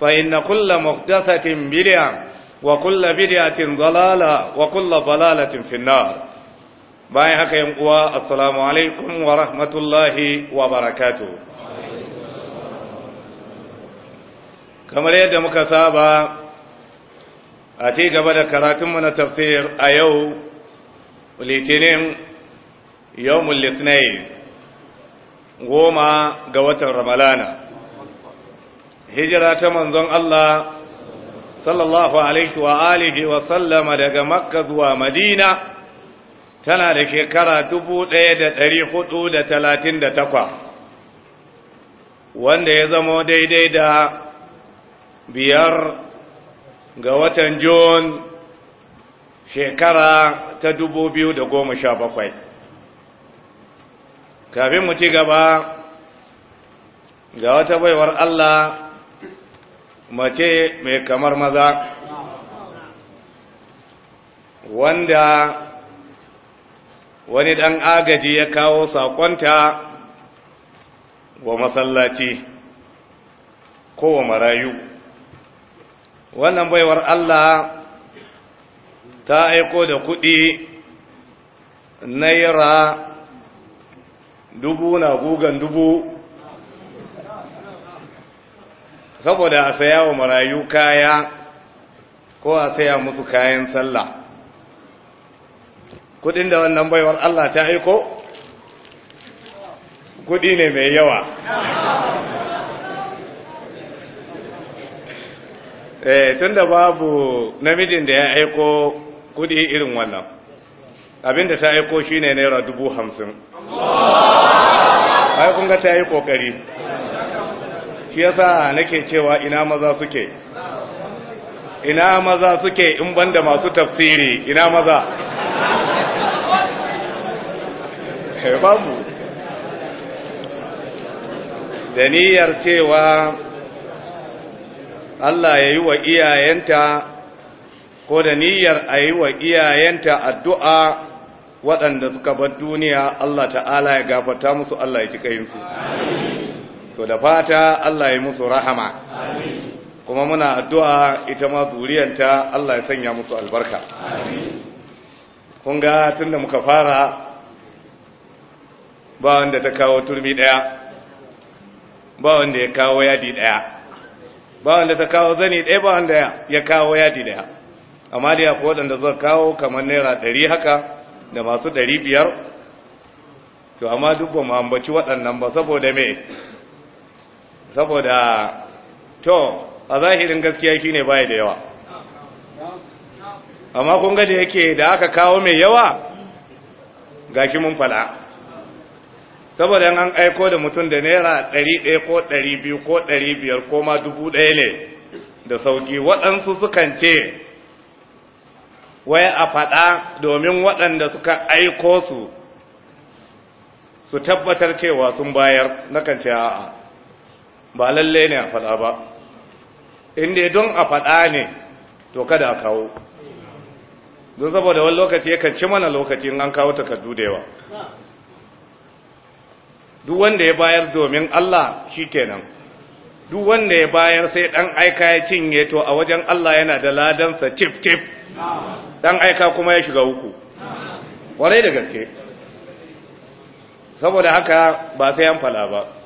فإن كل محدثة بدعة وكل بدعة ضلالة وكل ضلالة في النار باي حق السلام عليكم ورحمة الله وبركاته kamar yadda muka saba a ci gaba da karatunmu na tafsir a yau litinin yau mulitnai goma ga watan ramalana hijira ta manzon Allah sallallahu alaihi wa alihi wa sallama daga makka zuwa madina tana da shekara 1438 wanda ya zama daidai da biyar ga watan Jun shekara ta 2017 kafin mu ci gaba ga wata baiwar Allah mace mai kamar maza wanda wani ɗan agaji ya kawo saƙonta wa masallaci ko wa marayu wannan baiwar Allah ta aiko da kuɗi naira dubu na gugan dubu saboda a saya wa marayu kaya ko a saya musu kayan sallah kudin da wannan baiwar Allah ta aiko kudi ne mai yawa eh tunda babu namijin da ya aiko kudi irin wannan abinda ta aiko shine naira dubu hamsin ai kun ga ta yi kokari shi yasa nake cewa ina maza suke ina maza suke in banda masu tafsiri ina maza eh, babu da niyyar cewa Allah ya yi wa iyayenta ko da niyyar a yi wa iyayenta addu'a waɗanda suka bar duniya Allah ta'ala ya gafata musu Allah ya ji kayinsu. to da fata Allah ya musu rahama kuma muna addu'a ita ma zuriyanta Allah ya sanya musu albarka kun ga tun muka fara ba wanda ta kawo turmi ɗaya ba wanda ya kawo yadi ɗaya ba wanda ta kawo zani daya ba wanda ya kawo yadi ɗaya amma da ya fi waɗanda zuwa kawo kamar naira ɗari haka da masu ɗari biyar to amma duk ma'ambaci ambaci waɗannan ba saboda me saboda to a zahirin gaskiya shine baya da yawa amma kun ga da yake da aka kawo mai yawa gashi mun fada saboda an aiko da mutum da naira 100 ko 200 ko 500 ko ma dubu 1000 ne da sauki waɗansu sukan ce wai a fada domin waɗanda suka aiko su su tabbatar cewa sun bayar na kan ce a'a ba lalle ne a faɗa ba inda don a faɗa ne to kada a kawo don saboda wani lokaci yakan ci mana lokacin an kawo takardu da yawa duk wanda ya bayar domin Allah shi kenan duk wanda ya bayar sai ɗan aika ya cinye to a wajen Allah yana da ladansa tip-tip ɗan aika kuma ya shiga uku warai da gaske saboda haka ba sai an fala ba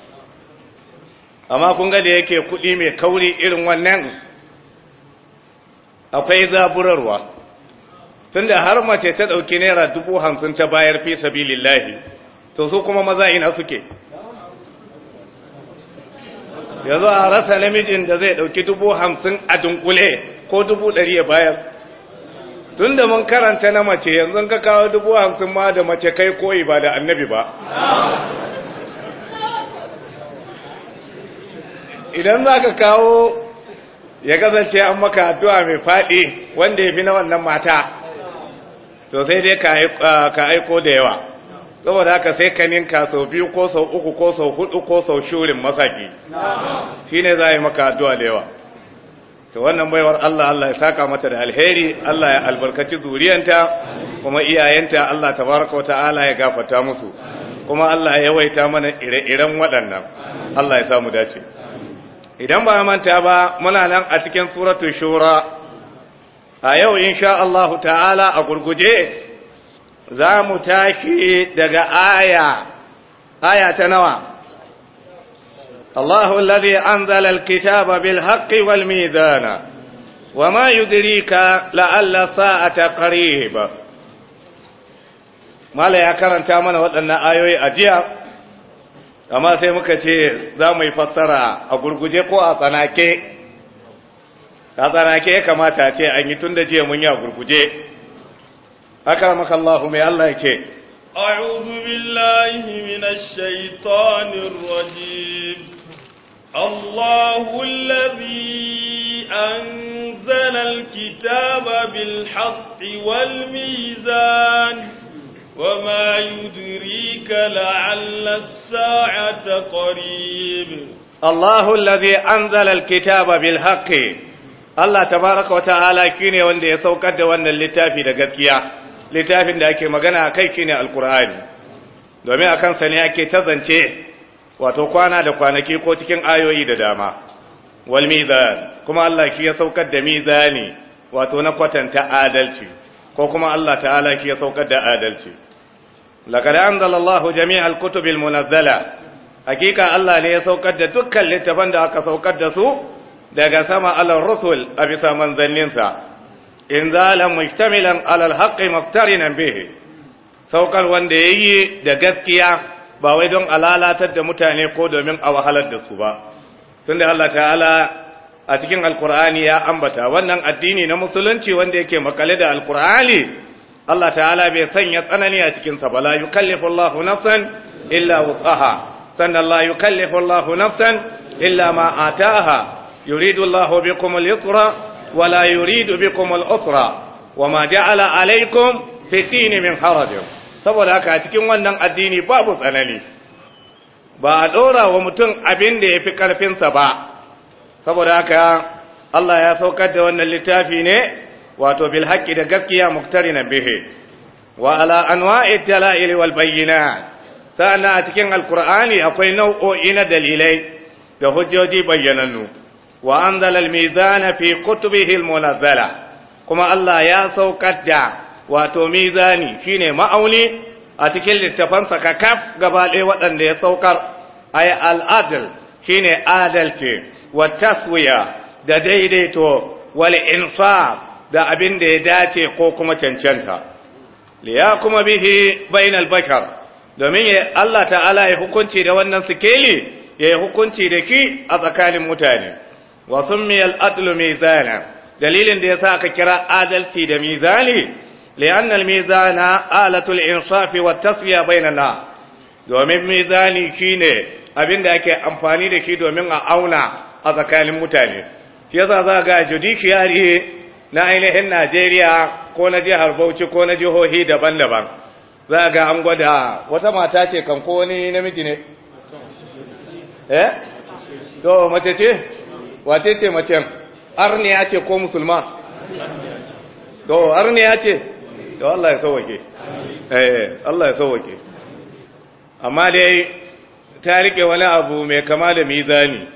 amma kun ga da yake kuɗi mai kauri irin wannan akwai zaburarwa tunda har mace ta ɗauki naira dubu hamsin ta bayar fi sabilillahi to su kuma maza ina suke yanzu a rasa namijin da zai ɗauki dubu hamsin a dunkule ko dubu ɗari ya bayar tun da mun karanta na mace yanzu ka kawo dubu hamsin ma da mace kai koyi ba da annabi ba idan za ka kawo ya kasance an maka addu'a mai faɗi wanda ya fi na wannan mata to sai dai ka aiko da yawa saboda haka sai ka ninka sau biyu ko sau uku ko sau hudu ko sau shurin masaki shi ne za a yi maka addu'a da yawa to wannan baiwar Allah Allah ya saka mata da alheri Allah ya albarkaci zuriyanta kuma iyayenta Allah tabaraka wa ta'ala ya gafata musu kuma Allah ya yawaita mana ire-iren waɗannan Allah ya samu dace idan ba manta ba muna nan a cikin suratul shura a yau insha Allah ta'ala a gurguje za mu take daga aya aya ta nawa الله الذي أنزل الكتاب بالحق والميزان وما يدريك لعل الساعة قريب ما لا يكرن تامنا ayoyi آيوي أجيب amma sai muka ce za mu yi fassara a gurguje ko a tsanake a tsanake ya kamata ce an yi tun da jiya mun yi a gurguje aka akramaka Allahu mai Allah yake a'udhu billahi minash shaitanir rajim الله الذي أنزل الكتاب بالحق والميزان وما يدري لعل الساعة قريب الله الذي أنزل الكتاب بالحق Allah tabaraka wata'ala shine wanda ya saukar da wannan littafi da gaskiya littafin da ake magana kai shine alqur'ani domin akan sa ne ake tazance wato kwana da kwanaki ko cikin ayoyi da dama wal mizan kuma Allah shi ya saukar da mizani wato na kwatanta adalci ko kuma Allah ta'ala shi ya saukar da adalci laqad anzala Allahu jami'al kutubil munazzala hakika Allah ne ya saukar da dukkan littafan da aka saukar da su daga sama allar rusul a bisa manzanninsa inzalan mujtamilan alal haqqi muqtarinan bihi saukar wanda ya yi da gaskiya ba wai don a alalatar da mutane ko domin a wahalar da su ba tunda Allah ta'ala a cikin alkur'ani ya ambata wannan addini na musulunci wanda yake makale da alkur'ani Allah ta'ala bai sanya tsanani a cikinsa ba la yukallifu Allahu nafsan illa wutsaha sannan la yukallifu Allahu nafsan illa ma yuridu Allahu bikum al-yusra wa la yuridu bikum al-usra wa ma ja'ala alaykum fi min harajin. saboda haka a cikin wannan addini babu tsanani ba a ɗora wa mutum abin da yafi karfinsa ba saboda haka Allah ya saukar da wannan littafi ne wato bil da gaskiya muqtarina Wa'ala wa ala anwa'i dalail wal bayyinat sana a cikin alkur'ani akwai nau'o'i na dalilai da hujjoji bayyanannu wa anzala al mizana fi kutubihi na zala. kuma Allah ya saukar da wato mizani shine ma'auni a cikin littattafansa kakaf gaba ɗaya waɗanda ya saukar ay al shi shine adalci wa taswiya da daidaito wal insaf da abin da ya dace ko kuma cancanta liya kuma bihi bainal bashar domin ya Allah ta'ala ya hukunci da wannan sikeli ya yi hukunci da ki a tsakanin mutane wa summiyal adlu mizana dalilin da yasa aka kira adalci da mizani li'anna al-mizana alatul insafi wat tasfiya bainana domin mizani shine abin da ake amfani da shi domin a auna a tsakanin mutane shi yasa za ga judiciary na ainihin Najeriya ko na jihar Bauchi ko na jihohi daban-daban za ga an gwada wata mata ce kan ko wani namiji ne eh to mace ce wace ce mace? arniya ce ko musulma to arniya ce to Allah ya sauwake eh Allah ya sauwake amma dai ta rike wani abu mai kama da mizani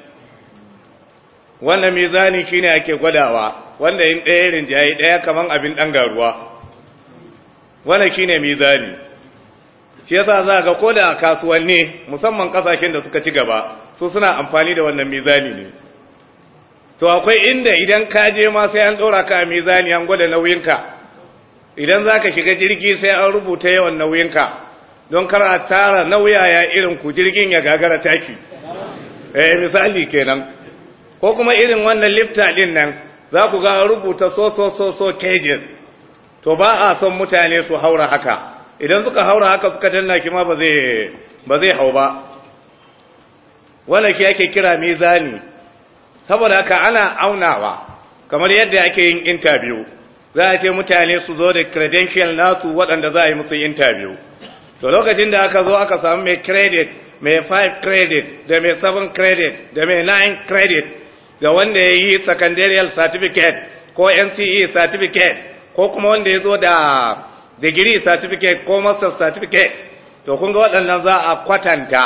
wannan mizani shine ake gwadawa wanda yin ɗaya rinjaye ɗaya kaman abin ɗan garuwa wannan ne mizani shi yasa za ga ko da kasuwanni musamman ƙasashen da suka ci gaba su suna amfani da wannan mizani ne to akwai inda idan ka je ma sai an ɗora ka a mizani an gwada nauyinka idan za ka shiga jirgi sai an rubuta yawan nauyinka don kar a tara ya irin ku jirgin ya gagara taki eh misali kenan ko kuma irin wannan lifta din nan za ku ga rubuta so so so so kejin to ba a son mutane su haura haka idan suka haura haka suka danna ki ma ba zai hau ba wanda ki ake kira mizani saboda haka ana aunawa kamar yadda ake yin interview za a ce mutane su zo da credential nasu waɗanda za a yi musu interview to lokacin da aka zo aka samu mai credit mai 5 credit da mai 7 credit da mai 9 credit ga wanda ya yi secondarial certificate ko NCE certificate ko kuma wanda ya zo da degree certificate ko master certificate to kun ga waɗannan za a kwatanta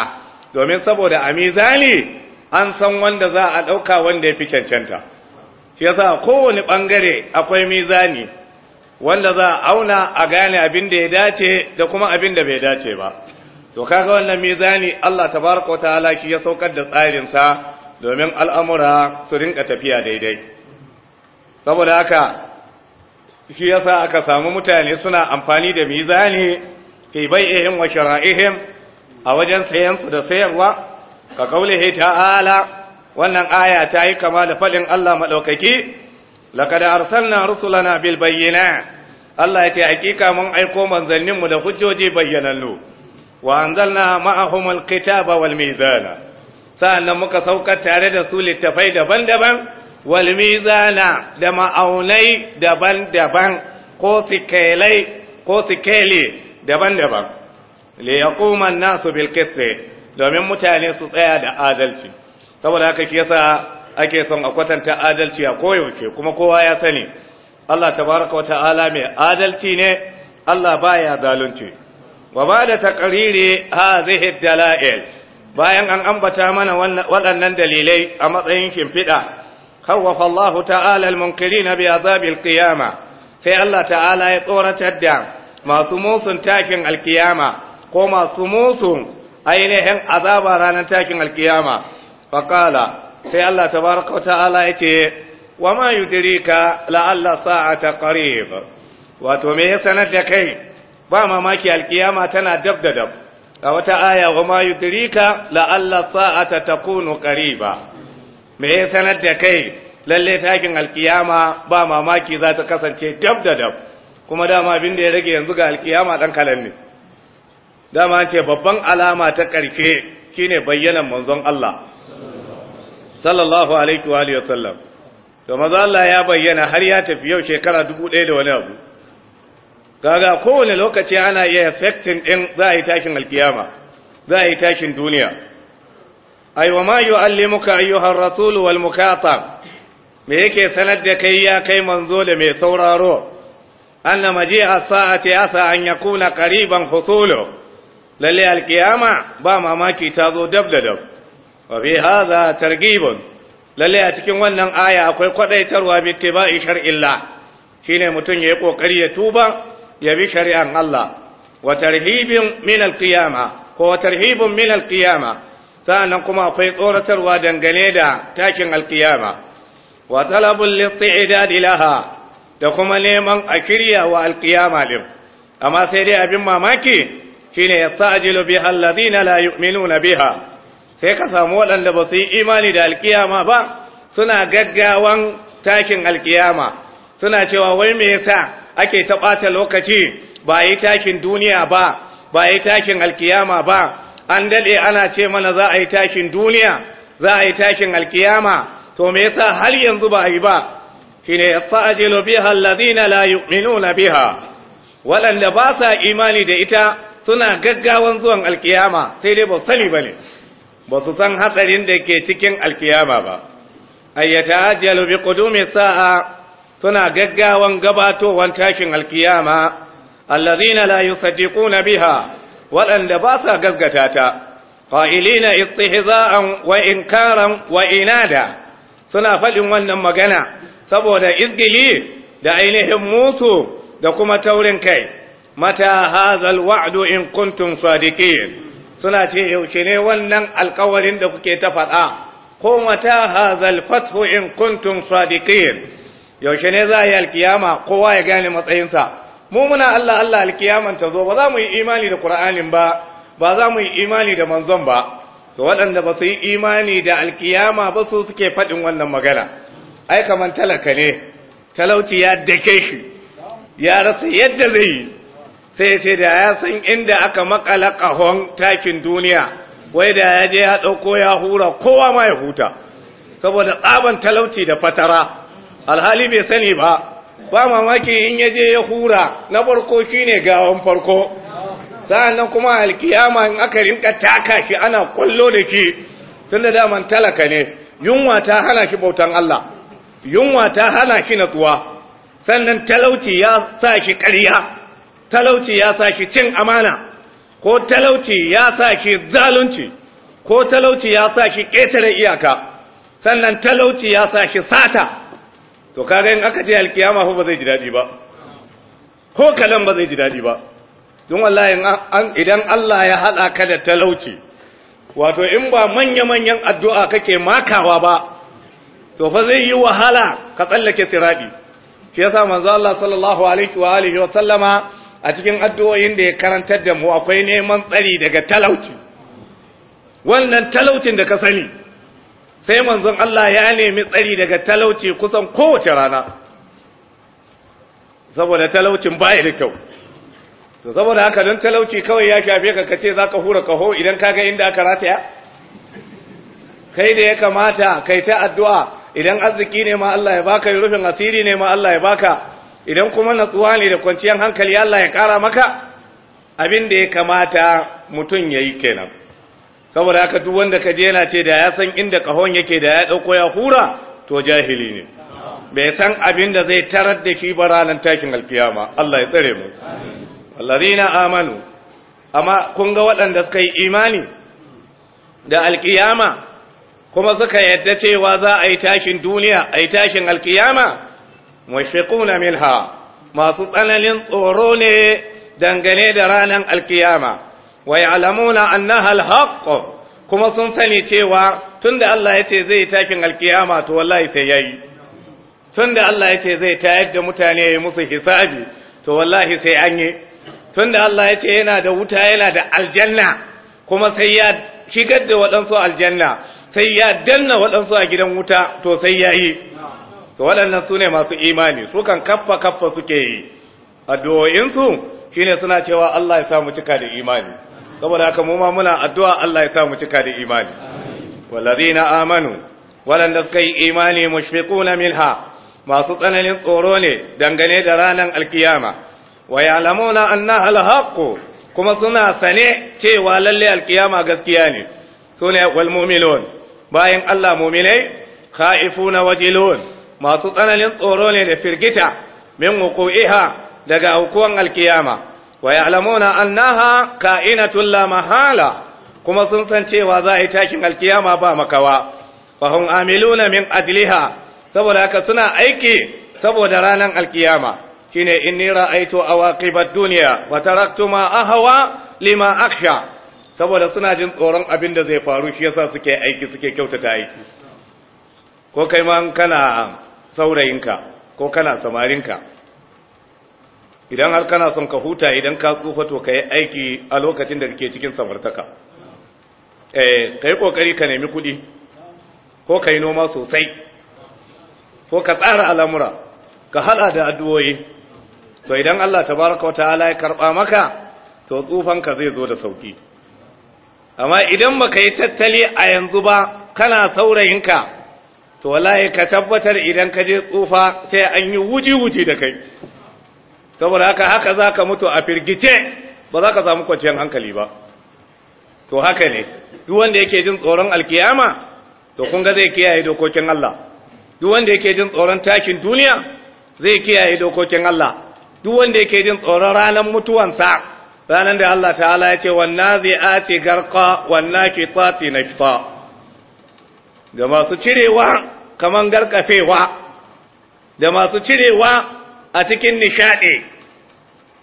domin saboda a mizani an san wanda za a ɗauka wanda ya fi cancanta shi yasa kowane ɓangare akwai mizani wanda za a auna a gane abin da ya dace da kuma abin da bai dace ba to kaga wannan mizani Allah tabaraka ta'ala shi ya saukar da tsarin sa domin al'amura su rinka tafiya daidai saboda haka shi yasa aka samu mutane suna amfani da mizani fi bai'ihim wa shara'ihim a wajen sayansu da sayarwa ka ta ala, wannan aya ta yi kama da faɗin Allah maɗaukaki lakada arsalna rusulana bil bayyana Allah ya ce hakika mun aiko manzanninmu da hujjoji bayyanannu wa anzalna ma'ahum kitaba wal mizana sa'annan muka sauka tare da su littafai daban-daban walmi zana da ma'aunai daban-daban ko sikelai ko sikeli daban-daban le ya an-nasu bil domin mutane su tsaya da adalci saboda haka ke sa ake son a kwatanta adalci a koyaushe kuma kowa ya sani Allah tabaraka wa ta'ala mai adalci ne Allah ba ya zalunci wa ba da taƙariri hadhihi dalail bayan an ambata mana waɗannan dalilai a matsayin kimfiɗa kawafa Allah ta'ala al-munkiri na biya zabil kiyama sai Allah ta'ala ya tsoratar da masu musun takin alkiyama ko masu musun ainihin azaba ranar takin alkiyama faƙala sai Allah ta baraka ta'ala ya ce wa ma yudirika la'alla sa'ata qarib wato me ya sanar da kai ba mamaki alkiyama tana dab da dab a wata aya wa ma yudrika la'alla ta takunu qariba me ya sanar da kai lalle takin alkiyama ba mamaki za ta kasance dab da dab kuma dama abin da ya rage yanzu ga alkiyama dan kalan ne dama ce babban alama ta karke shine bayyanan manzon Allah sallallahu alaihi wa sallam to maza Allah ya bayyana har ya tafi yau shekara dubu ɗaya da wani abu gaga kowane lokaci ana iya affecting din za a yi takin alkiyama za a yi takin duniya ai wa ma yu'allimuka ayyuhar rasul wal mukata me yake sanar da kai ya kai manzo da mai sauraro anna maji'a sa'ati asa an yakuna qariban husulu lalle alkiyama ba mamaki ta zo dab da dab wa bi hadha targibun lalle a cikin wannan aya akwai kwadaitarwa bi tibai shar'illah shine mutun yayi kokari ya tuba Yabi, bi shari'an Allah wa tarhibin ko wa tarhibun min alqiyama nan kuma akwai tsoratarwa dangane da takin alqiyama wa talabul listi'dad ilaha da kuma neman a kirya wa alqiyama amma sai dai abin mamaki shine yastajilu biha alladhina la yu'minuna biha sai ka samu waɗanda ba su yi imani da alkiyama ba suna gaggawan takin alkiyama suna cewa wai me yasa ake ta ɓata lokaci ba a yi takin duniya ba ba yi takin alkiyama ba an daɗe ana ce mana za a yi takin duniya za a yi takin alkiyama to me yasa har yanzu ba yi ba shine na biha minu la yu'minuna biha waɗanda ba sa imani da ita suna gaggawan zuwan alkiyama sai dai ba sani ba ne ba su san hatsarin da ke cikin alkiyama ba ayyata ajiyar bi mai sa'a suna gaggawan gabatowar takin alkiyama allazina la yusaddiquna biha waɗanda ba sa gaggata ta qa'ilina istihza'an wa inkaran wa inada suna faɗin wannan magana saboda izgili da ainihin musu da kuma taurin kai mata hazal wa'du in kuntum sadiqin suna ce yaushe ne wannan alkawarin da kuke ta faɗa ko mata hazal fathu in kuntum sadiqin yaushe ne za a yi alkiyama kowa ya gane matsayinsa mu muna Allah Allah alkiyaman ta zo ba za mu yi imani da Qur'anin ba ba za mu yi imani da manzon ba to waɗanda ba su yi imani da alkiyama ba su suke faɗin wannan magana ai kaman talaka ne talauci ya dake shi ya rasa yadda zai yi sai sai da ya san inda aka makala kahon takin duniya wai da ya je ya ɗauko ya hura kowa ma ya huta saboda tsaban talauci da fatara alhali bai sani ba ba mamaki in ya je ya hura na farko ne gawan farko sa'annan kuma alkiyama in aka rinka taka ki ana kwallo da ki tunda daman talaka ne yunwa ta hana ki bautan Allah yunwa ta hana ki natsuwa sannan talauci ya sa ki ƙarya talauci ya sa ki cin amana ko talauci ya sa ki zalunci ko talauci ya sa ki ƙetare iyaka sannan talauci ya sa ki sata to kaga in aka je alkiyama ba zai ji dadi ba ko kalan ba zai ji dadi ba don wallahi idan Allah ya haɗa ka da talauci wato in ba manya manyan addu'a kake makawa ba to fa zai yi wahala ka tsallake sirabi shi yasa manzo Allah sallallahu alaihi wa alihi wa sallama a cikin addu'o'in da ya karantar da mu akwai neman tsari daga talauci wannan talaucin da ka sani sai manzon Allah ya nemi tsari daga talauci kusan kowace rana saboda talaucin baya da kyau to saboda haka don talauci kawai ya shafe ka kace zaka hura kaho idan ka ga inda aka rataya kai da ya kamata kai ta addu'a idan arziki ne ma Allah ya baka rufin asiri ne ma Allah ya baka idan kuma natsuwa ne da kwanciyar hankali Allah ya kara maka abin da ya kamata mutum yayi kenan saboda haka duk wanda ka je yana ce da ya san inda kahon yake da ya dauko ya hura to jahili ne bai san abin da zai tarar da shi ba ranar takin alkiyama Allah ya tsare mu allazina amanu amma kun ga waɗanda suka yi imani da alkiyama kuma suka yadda cewa za a yi takin duniya a yi takin alkiyama mashiquna minha masu tsananin tsoro ne dangane da ranar alkiyama wa ya'lamuna annaha al-haqq kuma sun sani cewa tunda Allah yace zai takin alkiyama to wallahi sai yayi tunda Allah yace zai tayar da mutane yayi musu hisabi to wallahi sai an yi tunda Allah yace yana da wuta yana da aljanna kuma sai ya shigar da waɗansu aljanna sai ya danna waɗansu a gidan wuta to sai ya yi to waɗannan su ne masu imani su kan kaffa kaffa suke yi addu'o'insu shine suna cewa Allah ya sa mu cika da imani saboda haka mu ma muna addu'a Allah ya sa mu cika da imani wallazina amanu waɗanda suka yi imani mushfiquna minha masu tsananin tsoro ne dangane da ranar alkiyama wa ya'lamuna annaha alhaqqu kuma suna sane cewa lalle alkiyama gaskiya ne sune wal mu'minun bayan Allah mu'minai khaifuna wajilun masu tsananin tsoro ne da firgita min wuqu'iha daga aukuwan alkiyama wa ya'lamuna annaha ka'inatun la mahala kuma sun san cewa za a yi takin alkiyama ba makawa fa hum amiluna min adliha. saboda haka suna aiki saboda ranar alkiyama shine inni ra'aytu awaqibat dunya wa taraktu ma ahwa lima aksha. saboda suna jin tsoron abin da zai faru shi yasa suke aiki suke kyautata aiki ko kai ma kana saurayinka ko kana samarinka idan har kana son ka huta idan ka tsufa to ka yi aiki a lokacin da kake cikin samartaka eh ka kokari ka nemi kudi ko ka yi noma sosai ko ka tsara al'amura ka hada da addu'o'i to idan Allah tabaraka wa ta'ala ya karba maka to ka zai zo da sauki amma idan baka yi tattali a yanzu ba kana saurayinka to wallahi ka tabbatar idan ka je tsufa sai an yi wuji-wuji da kai saboda haka haka za ka mutu a firgice ba za ka samu kwanciyar hankali ba to haka ne duk wanda yake jin tsoron alkiyama to kunga zai kiyaye dokokin Allah duk wanda yake jin tsoron takin duniya zai kiyaye dokokin Allah duk wanda yake jin tsoron ranar mutuwansa ranar da Allah ta'ala ya ce wanna zai ace garka wanna ke tsati na kifa ga masu cirewa kaman garkafewa da masu cirewa a cikin nishaɗi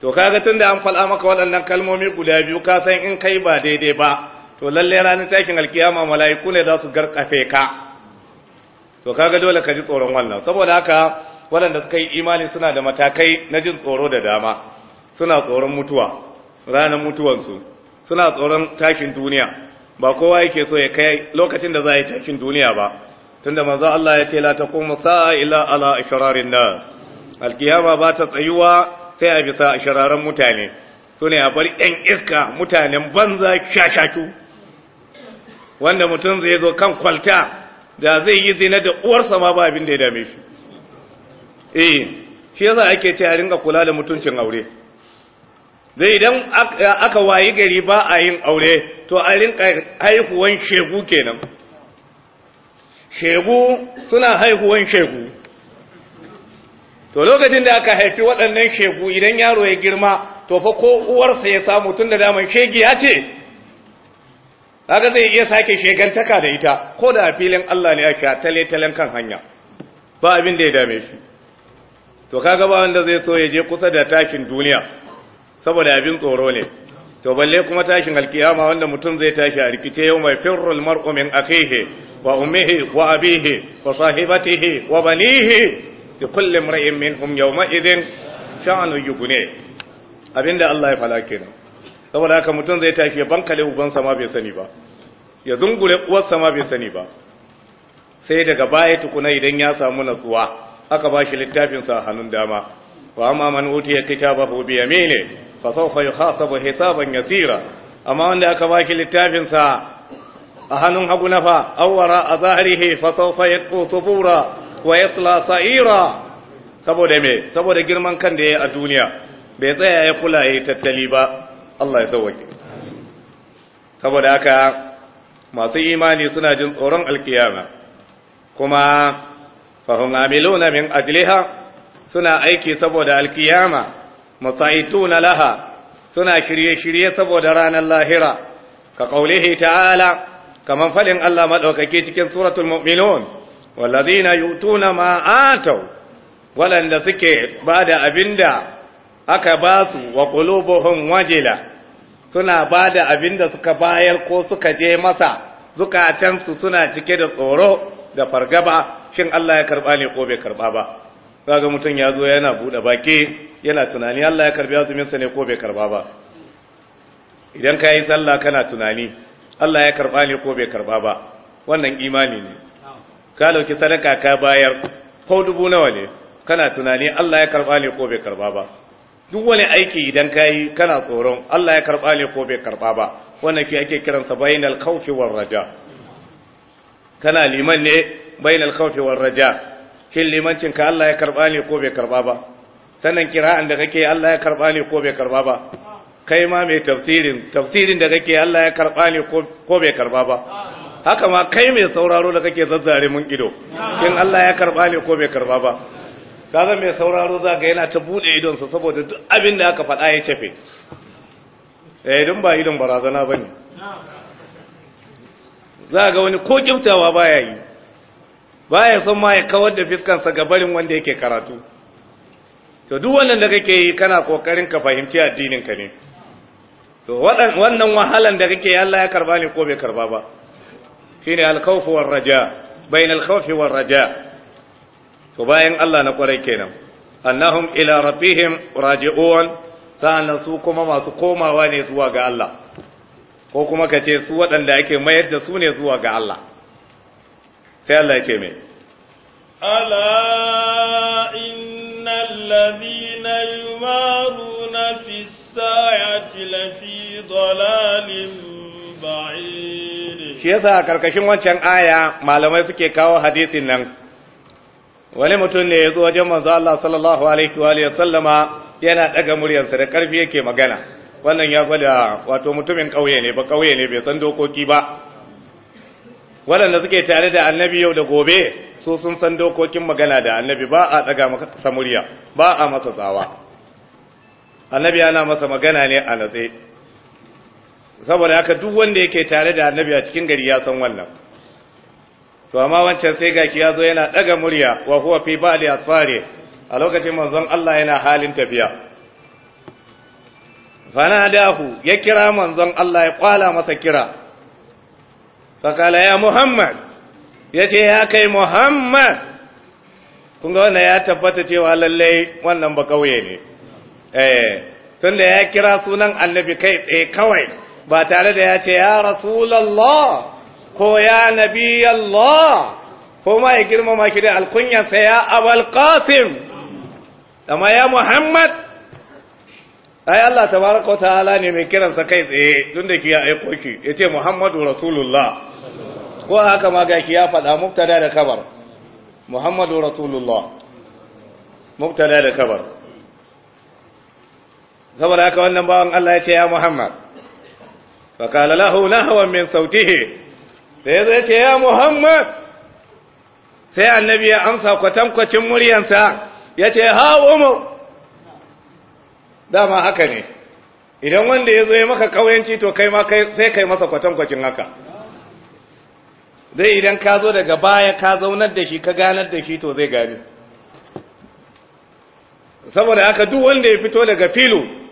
to kaga tun da an faɗa maka waɗannan kalmomi guda biyu ka san in kai ba daidai ba to lallai ranar takin alkiyama mala'iku ne za su garkafe ka to kaga dole ka ji tsoron wannan saboda haka waɗanda suka yi imani suna da matakai na jin tsoro da dama suna tsoron mutuwa ranar mutuwansu suna tsoron tashin duniya ba kowa yake so ya kai lokacin da za a yi takin duniya ba tunda manzo Allah ya ce la taqumu sa'a illa ala ishrarin nas alkiyama ba ta tsayuwa sai a bisa a mutane su ne a bari ‘yan iska mutanen banza shashatu wanda mutum zai zo kan kwalta da zai yi zina da uwarsa ma ba abin da ya dame shi eh shi yasa ake ce a ringa kula da mutuncin aure zai idan aka wayi gari ba a yin aure to a rinka haihuwan shegu kenan shegu suna haihuwan shegu to lokacin da aka haifi waɗannan shegu idan yaro ya girma to fa ko uwarsa ya samu tun da daman shegi ya ce haka zai iya sake shegantaka da ita ko da filin Allah ne sha tale talen kan hanya ba abin da ya dame shi to kaga ba wanda zai so ya je kusa da tashin duniya saboda abin tsoro ne to balle kuma tashin alkiyama wanda mutum zai tashi a rikice yau mai firrul mar'u min akhihi wa ummihi wa abihi wa sahibatihi wa banihi لكل امرئ منهم يومئذ شأن يغنيه abinda Allah ya fala kenan saboda haka mutum zai tafi bankale uban sama bai sani ba ya zungure uwarsa ma bai sani ba sai daga baya tukuna idan ya samu natsuwa aka bashi littafin sa hannun dama wa amma man utiya kitabahu bi yamine fa sawfa yuhasabu hisaban yasira amma wanda aka bashi littafin sa a hannun hagu na fa awwara a zahirihi fa sawfa subura wa yasla sa'ira saboda me saboda girman kan da yayi a duniya bai tsaya ya kula yayi tattali ba Allah ya sauke saboda haka masu imani suna jin tsoron alkiyama kuma fahim amiluna min ajliha suna aiki saboda alkiyama musaituna laha suna shirye-shirye saboda ranar lahira ka kaulihi ta'ala kaman fadin Allah madaukake cikin suratul mu'minun walladhina yutuna ma ataw waɗanda suke ba da abinda aka ba su wa qulubuhum wajila suna ba da abinda suka bayar ko suka je masa zukatansu suna cike da tsoro da fargaba shin Allah ya karba ne ko bai karba ba kaga mutum ya zo yana bude baki yana tunani Allah ya karbi azuminsa ne ko bai karba ba idan ka sallah kana tunani Allah ya karba ne ko bai karba ba wannan imani ne ka dauki sadaka ka bayar ko dubu nawa ne kana tunani Allah ya karba ne ko bai karba ba duk wani aiki idan ka yi kana tsoron Allah ya karba ne ko bai karba ba wannan shi ake kiransa bainal khawfi war raja kana liman ne bainal khawfi war raja shin limancin ka Allah ya karba ne ko bai karba ba sannan kira'an da kake Allah ya karba ne ko bai karba ba kai ma mai tafsirin tafsirin da kake Allah ya karba ne ko bai karba ba haka ma kai mai sauraro da kake zazzare mun ido in Allah ya karba ne ko bai karba ba kaga mai sauraro za ga yana ta bude sa saboda duk abin da aka faɗa ya cefe eh don ba idon barazana bane za ga wani ko kimtawa baya yi baya son ma ya kawar da sa ga barin wanda yake karatu to duk wannan da kake yi kana kokarin ka fahimci addinin ka ne to wannan wahalan da kake Allah ya karba ne ko bai karba ba shine al war raja bain al war raja to bayan Allah na kwarai kenan annahum ila rabbihim raji'un sa'annan su kuma masu komawa ne zuwa ga Allah ko kuma kace su waɗanda ake mayar da su ne zuwa ga Allah sai Allah yake mai ألا إن الذين shi yasa a karkashin wancan aya malamai suke kawo hadisin nan wani mutum ne ya zo wajen manzo Allah sallallahu alaihi wa alihi sallama yana daga muryarsa da karfi yake magana wannan ya gwada wato mutumin kauye ne ba kauye ne bai san dokoki ba waɗanda suke tare da annabi yau da gobe su sun san dokokin magana da annabi ba a daga masa murya ba a masa tsawa annabi ana masa magana ne a natse saboda haka duk wanda yake tare da annabi a cikin gari ya san wannan to amma wancan sai ga ki zo yana daga murya wa huwa fi bali atsari a lokacin manzon Allah yana halin tafiya Dahu ya kira manzon Allah ya kwala masa kira fakala ya muhammad yace ya kai muhammad kun ga wannan ya tabbata cewa lallai wannan ba kauye ne eh tunda ya kira sunan annabi kai tsaye kawai ba tare da ya ce ya rasulallah ko ya nabi Allah ko ma ya girmama ki da alkunyarsa ya abal qasim amma ya muhammad ai Allah tabaraka wa ta'ala ne mai kiransa kai tsaye tunda ki ya aiko ki yace muhammadu rasulullah ko haka ma ga ki ya faɗa mubtada da kabar muhammadu rasulullah mubtada da kabar saboda haka wannan bawan Allah ya ce ya muhammad fa qala lahu nahwan min sautihi sai zai ce ya muhammad sai annabi ya amsa kwatankwacin muryansa ya ce ha dama haka ne idan wanda ya zo ya maka kauyanci to kai ma sai kai masa kwatankwacin haka zai idan ka zo daga baya ka zaunar da shi ka ganar da shi to zai gane saboda haka duk wanda ya fito daga filo.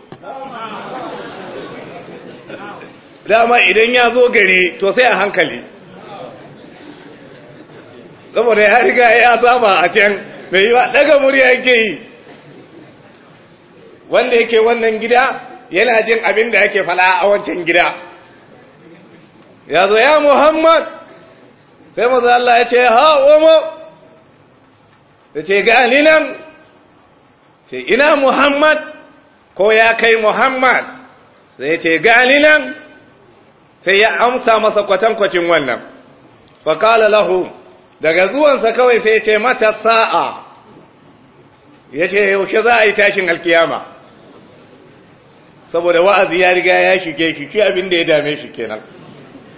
dama idan ya zo gari to sai a hankali saboda ya riga ya saba a can mai yi ba daga murya yake yi wanda yake wannan gida yana jin abin da yake fala a wancan gida ya zo ya muhammad sai maza Allah ya ce ha omo Da ce gani nan ce ina muhammad ko ya kai muhammad sai ce gani nan sai ya amsa masa kwatankwacin wannan fa kala lahu daga zuwansa kawai sai ya ce mata sa'a yace yaushe za a yi tashin alkiyama saboda wa'azi ya riga ya shige shi shi abin da ya dame shi kenan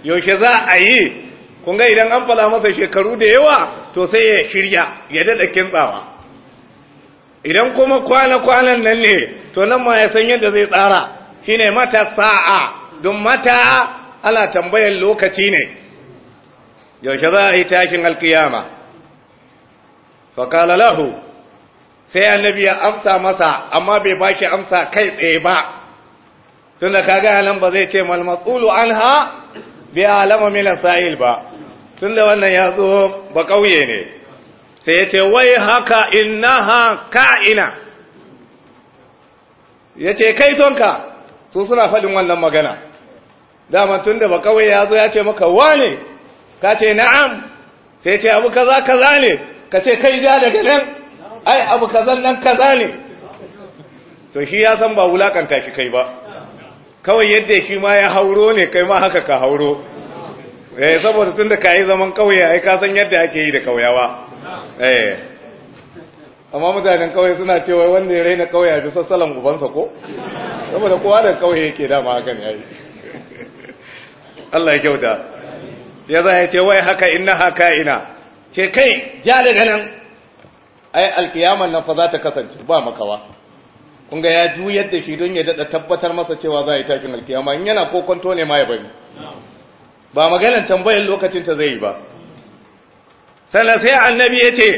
yaushe za a yi kun ga idan an fala masa shekaru da yawa to sai ya shirya ya dada kintsawa idan kuma kwana-kwanan nan ne to nan ma ya san yadda zai tsara shine mata sa'a don mata ana tambayar lokaci ne yaushe za a yi tashin alkiyama faƙala lahu sai annabi ya amsa masa amma bai baki amsa kai tsaye ba tun da kaga halin ba zai ce malmatsulu an ha bai alama mina sa'il ba tun da wannan ya zo ba ƙauye ne sai ya ce wai haka innaha ka'ina ya ce kai tonka su suna faɗin wannan magana dama tun da ba kawai ya zo ya ce maka ne? ka ce na'am sai ce abu kaza kaza ne ka ce kai ja daga nan ai abu kazan nan kaza ne to shi ya san ba wulakanta shi kai ba kawai yadda shi ma ya hauro ne kai ma haka ka hauro eh saboda da ka yi zaman kauye ai ka san yadda ake yi da kauyawa eh amma mutanen kauye suna cewa wanda ya raina kauye ya fi sassalan ubansa ko saboda kowa da kauye yake dama hakan yi. Allah ya kyauta ya za ya ce wai haka inna haka ina ce kai ja daga nan ai alkiyamar nan fa za ta kasance ba makawa kun ga ya juyar da shi don ya dada tabbatar masa cewa za a yi takin alkiyama in yana ko ne ma ya bari ba maganar tambayar lokacin ta zai yi ba sannan sai annabi ya ce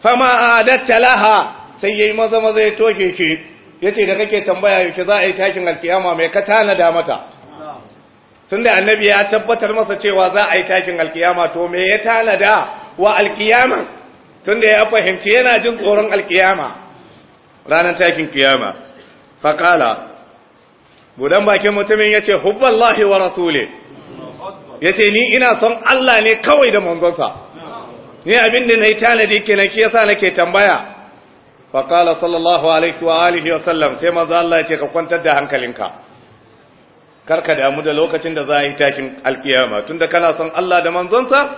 fama adatta laha sai ya yi maza maza ya toke shi yace da kake tambaya yake za a yi takin alkiyama mai ka tana da mata tunda annabi ya tabbatar masa cewa za a yi takin alkiyama to me ya tanada wa alkiyama tunda ya fahimci yana jin tsoron alkiyama ranar takin kiyama Faƙala. budan bakin mutumin yace hubballahi wa Ya yace ni ina son Allah ne kawai da manzonsa ni abin da nayi tanadi kenan shi yasa nake tambaya Faƙala sallallahu alaihi wa alihi wa sallam sai maza Allah ce ka kwantar da hankalinka karka damu da lokacin da za a yi takin alkiyama tunda kana son Allah da manzonsa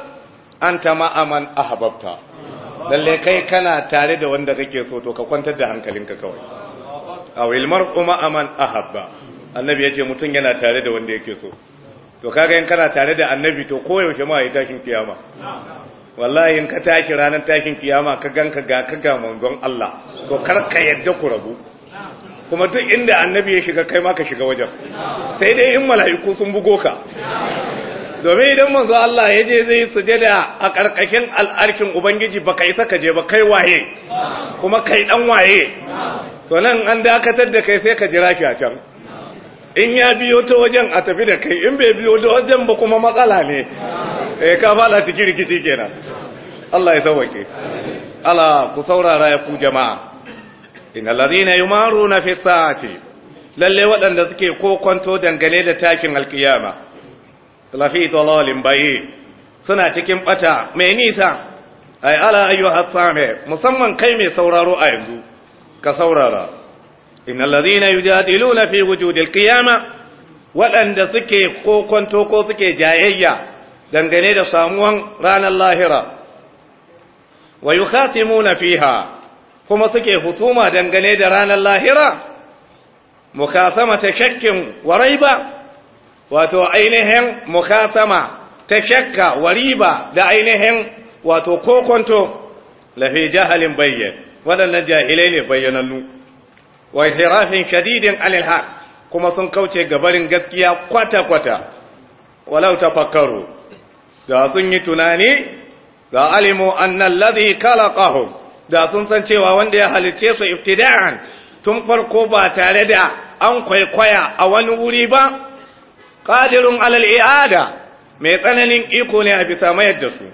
an ta a hababta. lalle kai kana tare da wanda kake so to ka kwantar da hankalinka kawai aw il mar'u a ahabba annabi yace mutun yana tare da wanda yake so to kaga in kana tare da annabi to koyaushe ma yi takin kiyama wallahi in ka tashi ranar takin kiyama ka ganka ga ka ga manzon Allah to kar ka yadda ku rabu kuma duk inda annabi ya shiga kai ma ka shiga wajen sai dai in mala'iku sun bugo ka domin idan manzo Allah ya je zai sujada a karkashin al'arkin ubangiji baka isa ka je ba kai waye kuma kai dan waye to nan an dakatar da kai sai ka jira shi a can in ya biyo ta wajen a tafi da kai in bai biyo ta wajen ba kuma matsala ne eh ka fara cikin rikici kenan Allah ya sauke Allah ku saurara ya ku jama'a inna maru yumaruna fi sa'ati lalle waɗanda suke kokonto dangane da takin alkiyama lafi dalalin bayi suna cikin bata mai nisa ai ala ayyuha sami musamman kai mai sauraro a yanzu ka saurara innal ladina yujadiluna fi wujudil qiyama waɗanda suke kokonto ko suke jayayya dangane da samuwan ranar lahira wa yukhatimuna fiha kuma suke hutuma dangane da ranar lahira mukasama ta shakkin warai ba wato ainihin mukasama ta shakka wariba da ainihin wato kokonto lafi jahalin bayyan waɗannan jahilai ne bayyanannu wa itirafin shadidin alil haq kuma sun kauce gabarin gaskiya kwata-kwata walau tafakkaru da sun yi tunani da alimu annal ladhi khalaqahum da sun san cewa wanda ya halice su iftida'an tun farko ba tare da an kwaikwaya a wani wuri ba Ƙadirin alal i'ada mai tsananin iko ne a bisa mayar da su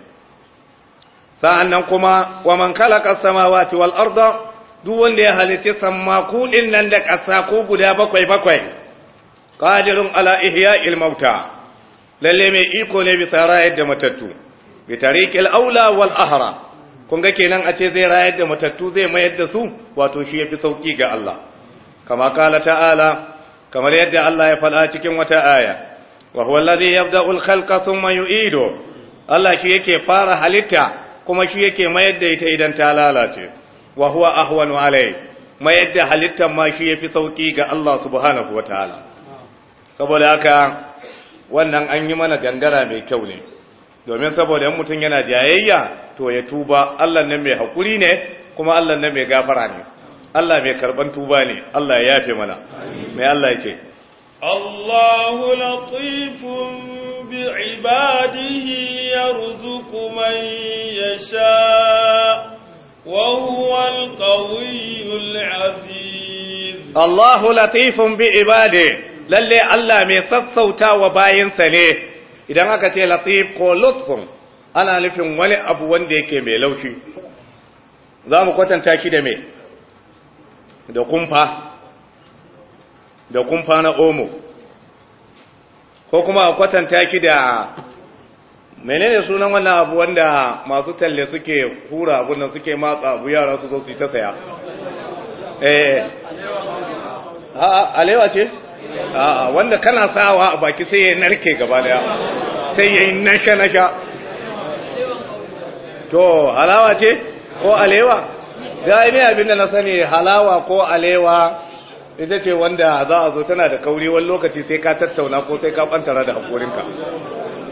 sa'annan kuma wa man khalaqa samawati wal arda duk wanda ya halice samma kuɗin nan da ƙasa ko guda bakwai bakwai Ƙadirin ala ihya'il mauta lalle mai iko ne bisa rayar da matattu bi tariqil aula wal ahra kun ga kenan a ce zai rayar da matattu zai mayar da su wato shi yafi sauki ga Allah kama kala ta'ala kamar yadda Allah ya faɗa cikin wata aya wa huwa allazi yabda'ul khalqa thumma yu'idu Allah shi yake fara halitta kuma shi yake mayar da ita idan ta lalace wa huwa ahwanu alai mayar da halittar ma shi yafi sauki ga Allah subhanahu wataala saboda haka wannan an yi mana gangara mai kyau ne domin saboda yan mutum yana jayayya to ya tuba Allah nan mai hakuri ne kuma Allah nan mai gafara ne Allah mai karban tuba ne Allah ya yafe mana mai Allah yake Allahu latifun bi ibadihi yarzuqu man yasha wa huwa al-qawiyyul aziz Allahu latifun bi ibadihi lalle Allah mai sassautawa bayinsa ne idan aka ce latif ko lutfun ana nufin wani abu wanda yake mai laushi za mu kwatanta shi da mai da kumfa da kumfa na omo ko kuma a kwatanta shi da menene sunan wannan abu wanda masu talle suke hura abun nan suke matsa abu yara su zo su ta saya eh alewa ce wanda kana sawa a baki sai ya narke gaba daya sai ya yi nasha-nasha to halawa ce ko alewa ga ne abinda na sani halawa ko alewa ita ce wanda za a zo tana da kauri wani lokaci sai ka tattauna ko sai ka bantara da haƙorinka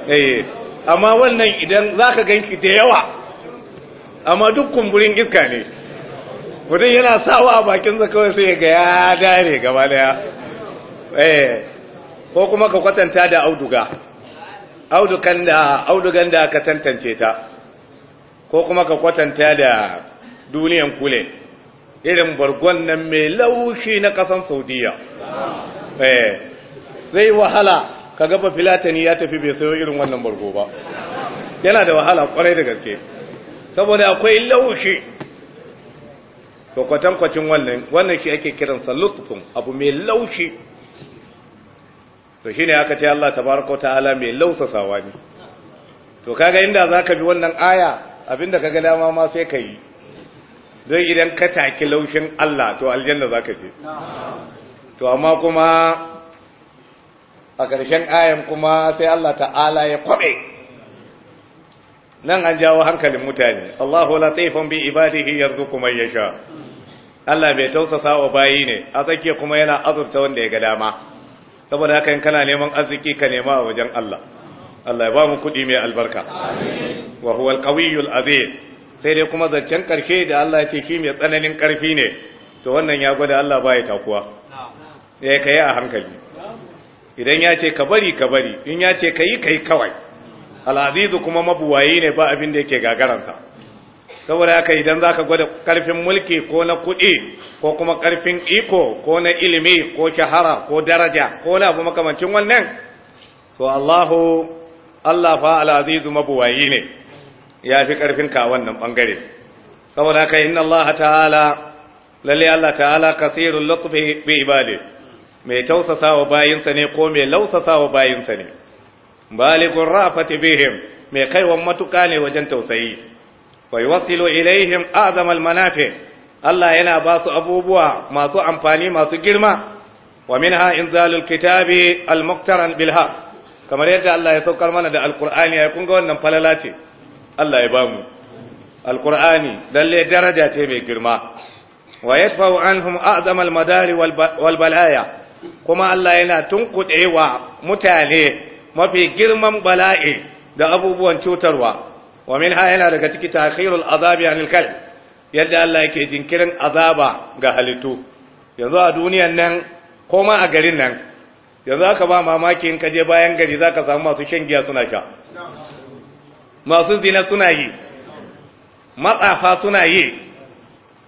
eh, amma wannan idan za ka ganki da yawa amma duk kumburin iska ne mutum yana sawa a bakin kawai sai ga ya dare gaba daya eh, ko kuma ka kwatanta da auduga audugan da audugan da ka tantance ta ko kuma ka kwatanta da duniyan kule irin bargon nan mai laushi na kasan saudiya Sai eh, wahala ka gaba filatani ya tafi bai sayo irin wannan bargo ba yana da wahala kwarai da gaske saboda akwai laushi to kwatankwacin wannan wannan shi ake kiran lutfun abu mai laushi to shine aka ce Allah tabaraka ta'ala mai lausasawa ne to kaga inda zaka bi wannan aya Abin abinda kaga dama ma sai ka yi zai idan ka taki laushin Allah to aljanna za ka ce to amma kuma a ƙarshen ayan kuma sai Allah ta'ala ya kwaɓe nan an jawo hankalin mutane Allahu latifan bi ibadihi yarzuqu ya sha. Allah bai tausasa wa bayi ne a tsakiya kuma yana azurta wanda ya ga dama saboda haka in kana neman arziki ka nema a wajen Allah Allah ya ba mu kuɗi mai albarka wa huwa alqawiyul azim sai dai kuma zancen karke da Allah ya ce ki mai tsananin karfi ne to wannan ya gwada Allah baya takuwa ya eh, kai a hankali idan ya ce ka bari ka bari in ya ce kai kai kawai al-azizu kuma mabuwayi ne ba abin da yake gagaranta saboda haka idan zaka gwada karfin mulki ko na kuɗi ko kuma karfin iko ko na ilimi ko shahara ko daraja ko na abu makamancin wannan to Allahu Allah fa al'azizu mabuwayi ne ya fi ƙarfin ka wannan ɓangare saboda haka inna Allah ta'ala lalle Allah ta'ala kasirul lutfi bi mai tausasa wa bayinsa ne ko mai lausasa wa bayinsa ne balighur rafati bihim mai kaiwan matuƙa ne wajen tausayi Bai yuwasilu ilaihim azama manafi Allah yana ba su abubuwa masu amfani masu girma wa minha inzalul kitabi almuqtaran bil haqq kamar yadda Allah ya saukar mana da alkur'ani ya kunga wannan falala ce Allah ya bamu alkur'ani lalle daraja ce mai girma wa yadfa'u anhum a'zama almadari wal balaya kuma Allah yana tunkuɗewa mutane mafi girman bala'i da abubuwan cutarwa wa minha yana daga ciki takhirul azabi anil kalb yadda Allah yake jinkirin azaba ga halittu yanzu a duniyan nan ko ma a garin nan yanzu aka ba mamaki in kaje bayan gari za ka samu masu shan giya suna sha masu zina suna yi matsafa suna yi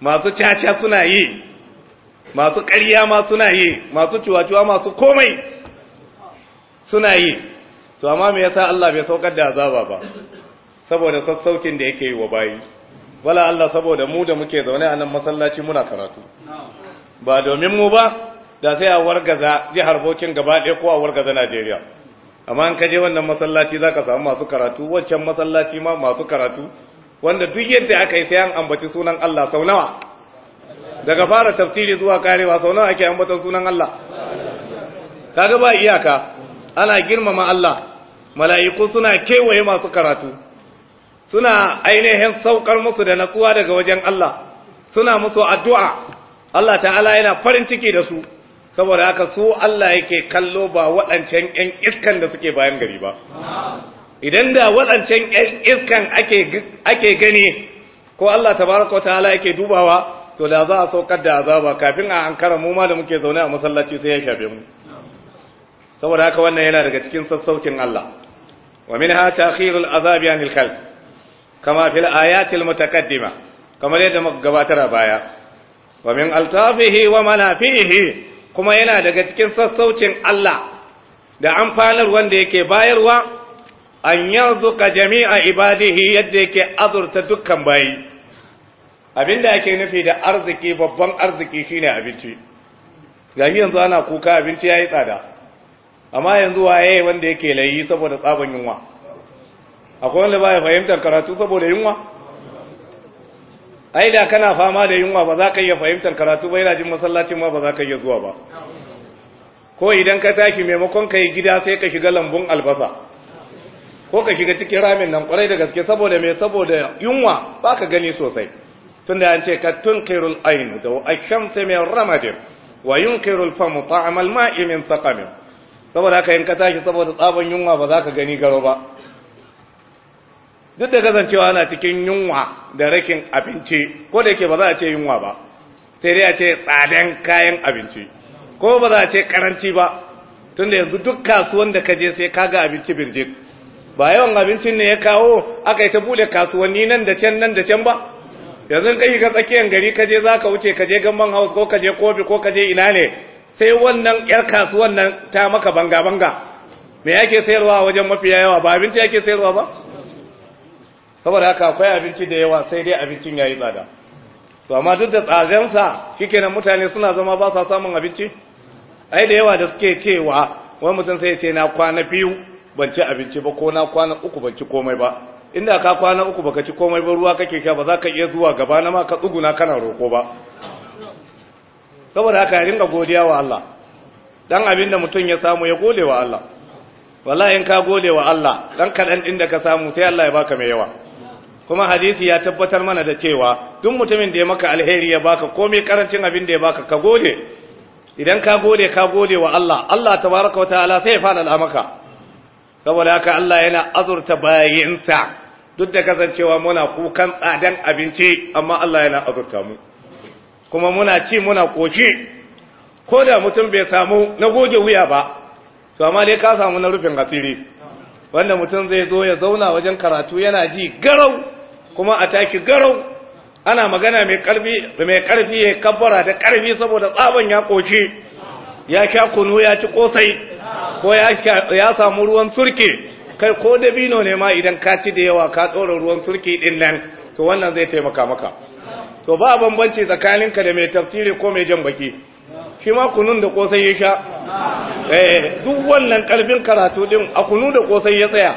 masu caca suna yi masu ƙarya ma suna yi masu cuwa masu komai suna yi to amma me yasa Allah bai saukar da azaba ba saboda sassaucin da yake yi wa bayi wala Allah saboda mu da muke zaune a nan masallaci muna karatu ba domin mu ba da sai a wargaza jihar Bokin gaba ɗaya ko a wargaza Najeriya amma in ka je wannan masallaci zaka samu masu karatu wancan masallaci ma masu karatu wanda duk yadda aka yi sai an ambaci sunan Allah sau nawa daga fara tafsiri zuwa karewa sau nawa ake ambatan sunan Allah kaga ba iyaka ana girmama Allah mala'iku suna kewaye masu karatu suna ainihin saukar musu da natsuwa daga wajen Allah suna musu addu'a Allah ta'ala yana farin ciki da su saboda haka su Allah yake kallo ba waɗancan ‘yan iskan da suke bayan gari ba idan da waɗancan ƴan iskan ake gani ko Allah tabaraka wa ta'ala yake dubawa to da za a saukar da azaba kafin a ankara mu ma da muke zaune a masallaci sai ya shafe mu saboda haka wannan yana daga cikin sassaucin Allah wa minha ta'khirul azabi anil khalq kama fil ayatil mutaqaddima kamar yadda muka gabatar a baya wa min altafihi wa manafihi kuma yana daga cikin sassaucin Allah da amfanar wanda yake bayarwa an ka jami'a ibadihi yadda yake azurta dukkan bayi abinda ake nufi da arziki babban arziki shi ne abinci yi yanzu ana kuka abinci ya yi tsada amma yanzu waye wanda yake layi saboda tsaban yunwa akwai wanda baya fahimtar karatu saboda yunwa ai da kana fama da yunwa ba za ka iya fahimtar karatu ba yana jin masallacin ma ba za ka iya zuwa ba ko idan ka tashi maimakon ka yi gida sai ka shiga lambun albasa ko ka shiga cikin ramin nan kwarai da gaske saboda mai saboda yunwa ba ka gani sosai tunda an ce ka kairul ainu da akan sai mai ramadin wa kairul famu ta'amal ma'imin min saboda ka yin ka tashi saboda tsaban yunwa ba za ka gani garo ba duk da kasancewa ana cikin yunwa da rakin abinci ko da yake ba za a ce yunwa ba sai dai a ce tsadan kayan abinci ko ba za a ce karanci ba tunda yanzu duk kasuwan da ka je sai ka ga abinci birjik ba yawan abincin ne ya kawo aka yi ta bude kasuwanni nan da can nan da can ba yanzu kai ka tsakiyar gari ka je za ka wuce ka je gamban house ko ka je kofi ko ka je ina ne sai wannan yar kasuwan nan ta maka banga banga me yake sayarwa wajen mafiya yawa ba abinci yake sayarwa ba saboda haka akwai abinci da yawa sai dai abincin yayi tsada to amma duk da tsadansa shikenan mutane suna zama ba sa samun abinci ai da yawa da suke cewa wani mutum sai ya ce na kwana biyu ban ci abinci ba ko na kwana uku ban ci komai ba inda ka kwana uku baka ci komai ba ruwa kake sha ba za ka iya zuwa gaba na ma ka tsuguna kana roko ba saboda haka ya ringa godiya wa Allah dan abin da mutum ya samu ya gode wa Allah wallahi in ka gode wa Allah dan kadan din da ka samu sai Allah ya baka mai yawa kuma hadisi ya tabbatar mana da cewa duk mutumin da ya maka alheri ya baka komai karancin abin da ya baka ka gode idan ka gode ka gode wa Allah Allah tabaraka wa ta'ala sai ya fada maka saboda haka Allah yana azurta bayinsa duk da kasancewa muna kukan tsadan abinci amma Allah yana azurta mu kuma muna ci muna koshi ko da mutum bai samu na goge wuya ba to amma dai ka samu na rufin asiri wanda mutum zai zo ya zauna wajen karatu yana ji garau kuma a tashi garau ana magana mai karfi mai karfi ya kabbara da karfi saboda tsaban ya koce ya sha kunu ya ci kosai ko ya samu ruwan surke kai ko dabino ne ma idan ka ci da yawa ka tsoron ruwan surke din nan to wannan zai taimaka maka to ba bambanci tsakaninka da mai tafsiri ko mai jan baki shi ma kunun da kosai ya sha eh, duk wannan kalbin karatu din a kunu da kosai ya tsaya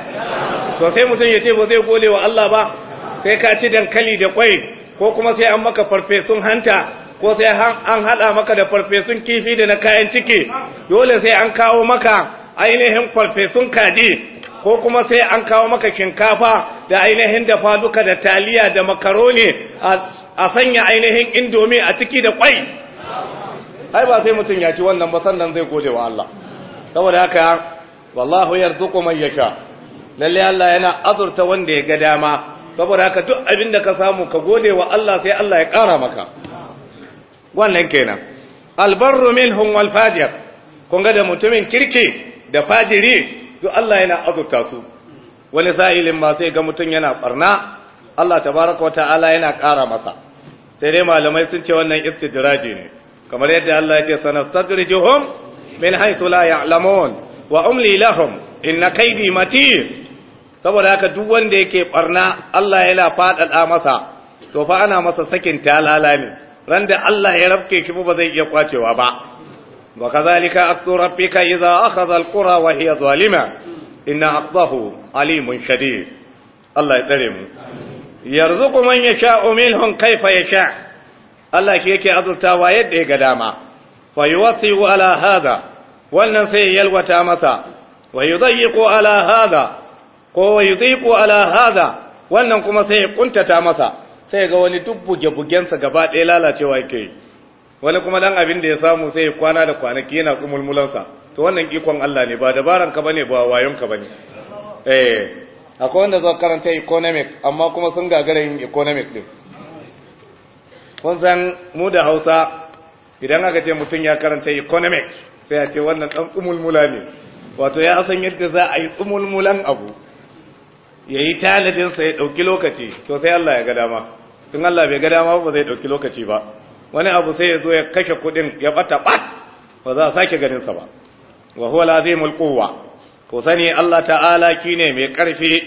to sai mutum ya ce ba zai gode wa Allah ba sai ka ci dankali da kwai ko kuma sai an maka farfesun hanta ko sai an haɗa maka da farfesun kifi da na kayan ciki dole sai an kawo maka ainihin farfesun kadi, ko kuma sai an kawo maka shinkafa da ainihin dafa duka da taliya da makaroni a sanya ainihin indomi a ciki da kwai ai ba sai mutum ya ci wannan ba sannan zai gode wa Allah saboda haka wallahu yarzuqu man yasha lalle Allah yana azurta wanda ya ga dama saboda haka duk abin da ka samu ka gode wa Allah sai Allah ya ƙara maka wannan kenan albarru minhum wal fajir kun ga da mutumin kirki da fajiri duk Allah yana azurta su wani sa'ilin ma sai ga mutum yana barna Allah tabaraka wata'ala ta'ala yana ƙara masa sai dai malamai sun ce wannan istidraji ne kamar yadda Allah ya ce sanastadrijuhum min haythu la ya'lamun wa umli lahum inna kaydi matin saboda haka duk wanda yake barna Allah yana faɗaɗa masa to fa ana masa sakin talala ne ran da Allah ya rabke shi ba zai iya kwacewa ba wa kadhalika aktu rabbika idza akhadha alqura wa hiya zalima inna aqdahu alimun shadid Allah ya tsare mu yarzuqu man yasha'u minhum kayfa yasha Allah shi yake azurtawa yadda ya ga dama fa yuwasiu ala hada wannan sai yalwata masa wa yudayyiqu ala hada ko yutiqu ala hadha wannan kuma sai ya kuntata masa sai ga wani duk buge-bugensa gaba ɗaya lalacewa yake wani kuma dan abin da ya samu sai ya kwana da kwanaki yana kumulmulansa to wannan ikon Allah ne ba dabaran ka bane ba wayon ka bane eh akwai wanda zo karanta economic amma kuma sun gagara yin economic din kun san mu da Hausa idan aka ce mutum ya karanta economic sai a ce wannan dan kumulmula ne wato ya san yadda za a yi kumulmulan abu ya yi tanadinsa ya ɗauki lokaci to sai Allah ya ga dama in Allah bai ga dama ba zai ɗauki lokaci ba wani abu sai ya zo ya kashe kuɗin ya ɓata ɓat ba za a sake ganinsa ba wa huwa lazimul quwwa ko sani Allah ta'ala kine mai ƙarfi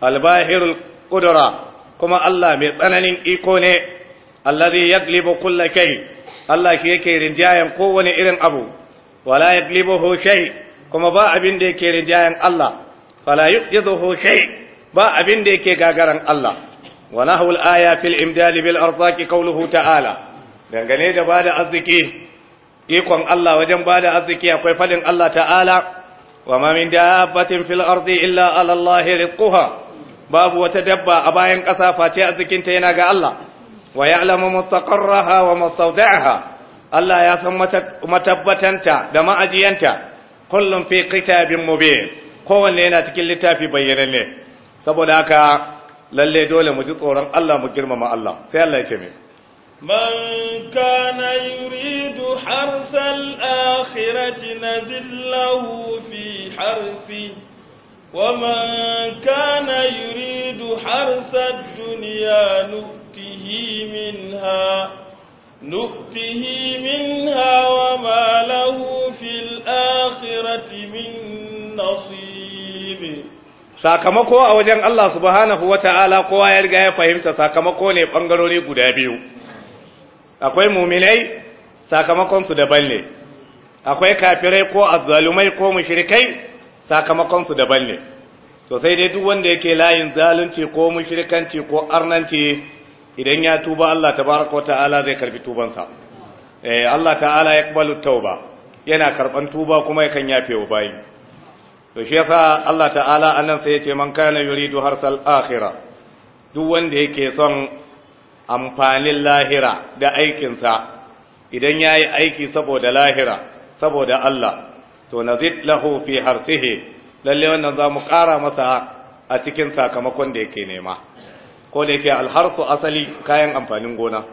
albahirul qudra kuma Allah mai tsananin iko ne allazi yaglibu kulla kai Allah ki yake rinjayen kowane irin abu wala yaglibuhu shay kuma ba abin da yake rinjayen Allah fala yuqidhu shay ba abin da yake gagaran Allah wa nahwul aya fil imdali bil arzaqi qawluhu ta'ala dangane da bada arziki ikon Allah wajen bada arziki akwai fadin Allah ta'ala wa ma min dabbatin fil ardi illa ala Allah rizquha babu wata dabba a bayan ƙasa face arzikinta yana ga Allah wa ya'lamu mustaqarraha wa mustawda'aha Allah ya san matabbatanta da ma'ajiyanta kullum fi kitabin mubin kowanne yana cikin littafi ne saboda aka lalle dole mu ji tsoron Allah mu girmama Allah sai Allah yake mai man kana yuridu harsal akhirati nazillahu fi harfi ومن كان يريد حرث الدنيا نؤته منها نؤته منها وما له في الآخرة من nasibi sakamako a wajen Allah subhanahu wata'ala kowa ya riga ya fahimta sakamako ne bangarori guda biyu akwai muminai sakamakon su daban ne akwai kafirai ko azzalumai ko mushrikai sakamakon su daban ne to sai dai duk wanda yake layin zalunci ko mushrikanci ko arnanci idan ya tuba Allah tabaraka wata'ala zai karbi tubansa eh Allah ta'ala yaqbalu tauba yana karban tuba kuma yakan yafe wa bayi to shi yasa Allah ta'ala anan sai yace man kana yuridu harsal akhira duk wanda yake son amfanin lahira da aikinsa idan yayi aiki saboda lahira saboda Allah to nazid lahu fi harsihi lalle wannan zamu ƙara masa a cikin sakamakon da yake nema ko da yake alharsu asali kayan amfanin gona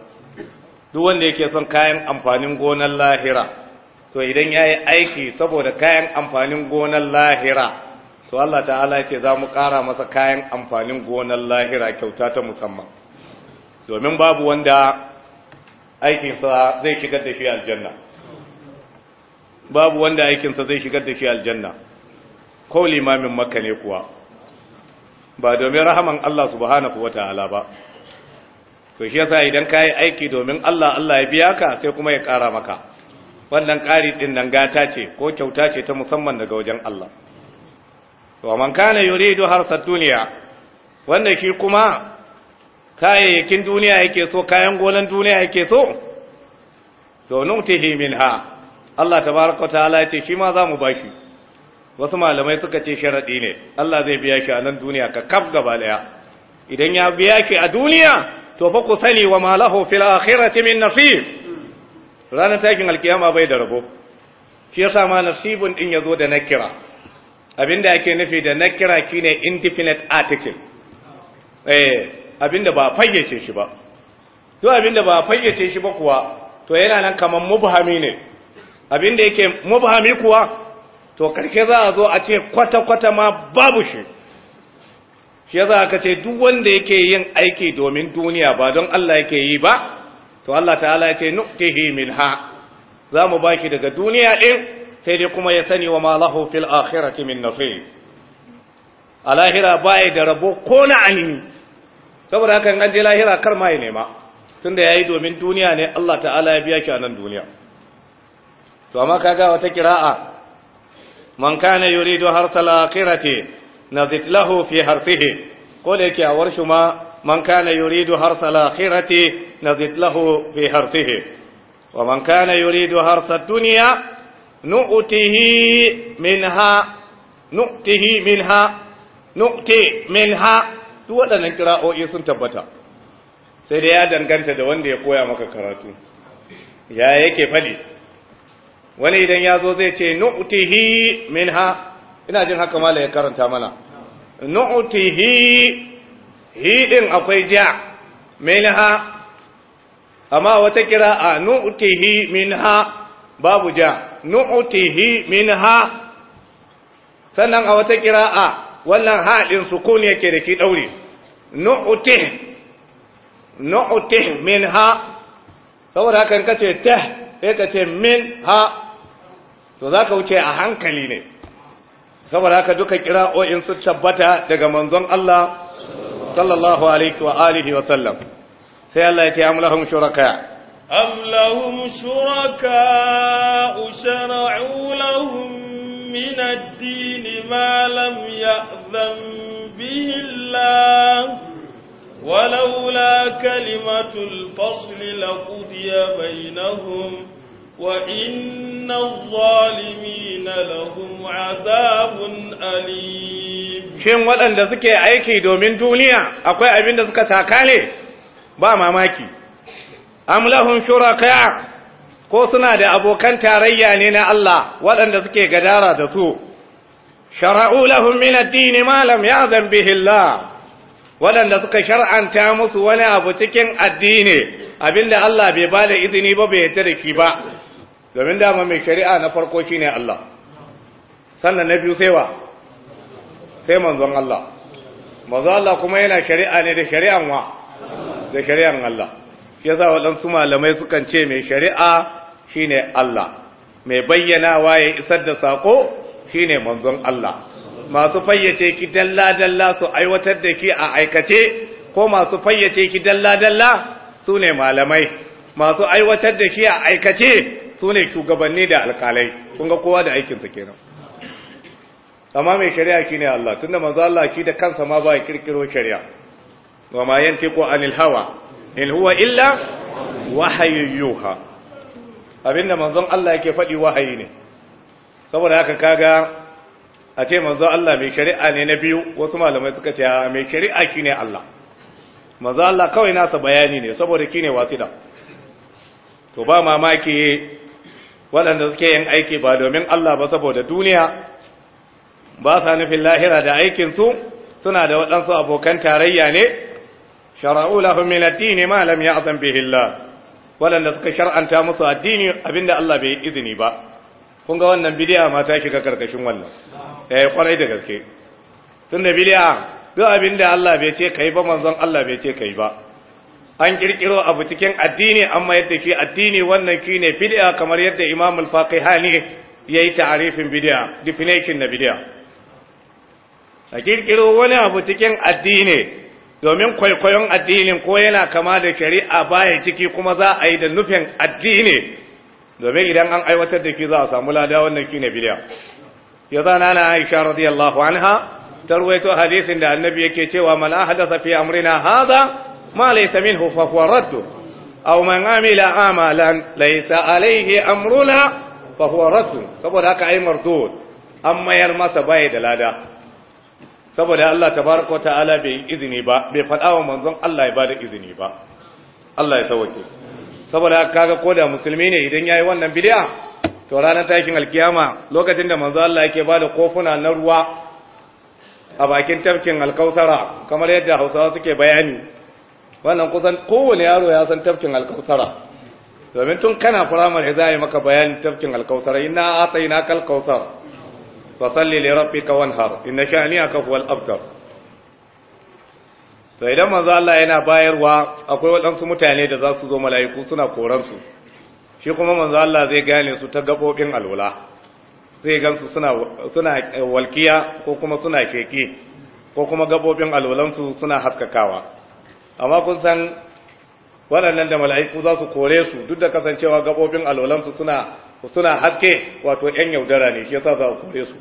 duk wanda yake son kayan amfanin gonar lahira to idan ya yi aiki saboda kayan amfanin gonar lahira to Allah ta'ala ya ce za mu ƙara masa kayan amfanin gonar lahira kyauta ta musamman domin babu wanda aikinsa zai shigar da shi aljanna babu wanda aikinsa zai shigar da shi aljanna ko limamin makka ne kuwa ba domin rahaman Allah subhanahu wata'ala ba to shi yasa idan ka yi aiki domin Allah Allah ya biya ka sai kuma ya ƙara maka wannan ƙari ɗin nan gata ce ko kyauta ce ta musamman daga wajen Allah wa man kana yuridu harsat duniya wanda shi kuma kayayyakin duniya yake so kayan gonan duniya yake so to nutihi minha Allah tabaraka ta'ala yace shi ma zamu baki wasu malamai suka ce sharadi ne Allah zai biya ki a nan duniya ka kaf gaba daya idan ya biya ki a duniya to fa ku sani wa ma lahu fil akhirati min nasib ranar takin alkiyama bai da rabo shi yasa ma nasibun din yazo da nakira abinda ake nufi da nakira shine indefinite article eh abinda ba fayyace shi ba to abinda ba fayyace shi ba kuwa to yana nan kaman mubhami ne abinda yake mubhami kuwa to karshe za a zo a ce kwata kwata ma babu shi shi yasa aka ce duk wanda yake yin aiki domin duniya ba don Allah yake yi ba to Allah ta'ala ya ce nuqtihi minha za mu baki daga duniya din sai dai kuma ya sani wa ma lahu fil akhirati min nasib a lahira baya da rabo ko na saboda haka an je lahira kar ma ya nema tunda yayi domin duniya ne Allah ta'ala ya biya ki a nan duniya to amma kaga wata kira'a man kana yuridu harsal akhirati nazid lahu fi harfihi ko da yake a warshu ma man kana yuridu harsal akhirati نزد له في حرثه ومن كان يريد حرث الدنيا نؤته منها نؤته منها نؤتي منها waɗannan kira'o'i sun tabbata sai da ya danganta da wanda ya koya maka karatu ya yake faɗi? wani idan ya zo zai ce nu'tihi minha ina jin haka mala ya karanta mana nu'tihi hi din akwai ja minha amma wata kira kira'a nu'tihi minha babu ja nu'tihi minha sannan a wata kira a wannan haɗin sukuni yake da ki daure nu'tih min minha saboda kan kace ta sai kace ha to za ka wuce a hankali ne saboda haka duka kira kira'o'in su tabbata daga manzon Allah sallallahu alaihi wa alihi wa sallam sai Allah ya ce am lahum shuraka am lahum shuraka ushara'u lahum min ad-din ma lam ya'zam bihi Allah ولولا كلمة الفصل لقضي بينهم وإن الظالمين لهم عذاب أليم shin waɗanda suke aiki domin duniya akwai abin da suka taka ba mamaki am lahum shuraka ko suna da abokan tarayya ne na Allah waɗanda suke gadara da su shara'u lahum min ad-din ma lam ya'zan bihi Allah waɗanda suka shar'anta musu wani abu cikin addini abinda Allah bai ba da izini ba bai yarda da shi ba domin dama mai shari'a na farko shine Allah sannan na biyu sai wa sai manzon Allah manzon Allah kuma yana shari'a ne da shari'an wa da shari'an Allah shi yasa waɗansu malamai sukan ce mai shari'a shine Allah mai bayyanawa ya isar da sako shine manzon Allah masu fayyace ki dalla dalla su aiwatar da ki a aikace ko masu fayyace ki dalla dalla su ne malamai masu aiwatar da ki a aikace su ne shugabanni da alkalai kun ga kowa da aikinsa kenan amma mai shari'a ne Allah tunda manzo Allah shi da kansa ma ba ya kirkiro shari'a wa ma yantiqu anil hawa in huwa illa wahayyuha abinda manzon Allah yake faɗi wahayi ne saboda haka kaga a ce manzon Allah mai shari'a ne na biyu wasu malamai suka ce mai shari'a kine Allah manzo Allah kawai nasa bayani ne saboda kine wasida to ba mamaki waɗanda suke yin aiki ba domin Allah ba saboda duniya ba sa nufin lahira da aikinsu suna da waɗansu abokan tarayya ne shara'u lahum min ad-din ma lam ya'zam bihi Allah waɗanda suka shar'anta musu addini abinda Allah bai izini ba kun ga wannan bid'a ma ta shiga karkashin wannan eh kwarai da gaske tunda bid'a duk abinda Allah bai ce kai ba manzon Allah bai ce kai ba an kirkiro abu cikin addini amma yadda shi addini wannan ne bid'a kamar yadda Imam al-Faqihani yayi ta'arifin bid'a definition na bid'a a kirkiro wani abu cikin addini domin kwaikwayon addinin ko yana kama da shari'a baya ciki kuma za a yi da nufin addini domin idan an aiwatar da ki za a samu lada wannan ki ne ya zana na aisha radiyallahu anha tarwaito hadisin da annabi yake cewa man ahdatha fi amrina hadha ma laysa minhu fa huwa radd aw man amila amalan laysa alayhi amruna fa huwa radd saboda haka ai mardud amma yar masa bai da lada saboda Allah tabaraka wata'ala bai yi izini ba bai faɗa manzon Allah ya bada izini ba Allah ya sauke saboda kaga koda musulmi ne idan yayi wannan bid'a to ranar takin alkiyama lokacin da manzon Allah yake bada kofuna na ruwa a bakin tafkin alkausara kamar yadda Hausawa suke bayani wannan kusan kowane yaro ya san tafkin alkausara domin tun kana firamare za a yi maka bayanin tafkin alkausara ina a tsaye na kalkautar fasalli li rabbika wanhar inna sha'niyaka huwal abtar to idan manzo Allah yana bayarwa akwai waɗansu mutane da za su zo mala'iku suna koran su shi kuma manzo Allah zai gane su ta gabobin alwala zai gansu suna suna walkiya ko kuma suna keke ko kuma gabobin su suna haskakawa amma kun san waɗannan da mala'iku za su kore su duk da kasancewa gabobin su suna suna haske wato ‘yan yaudara ne shi yasa za a kore su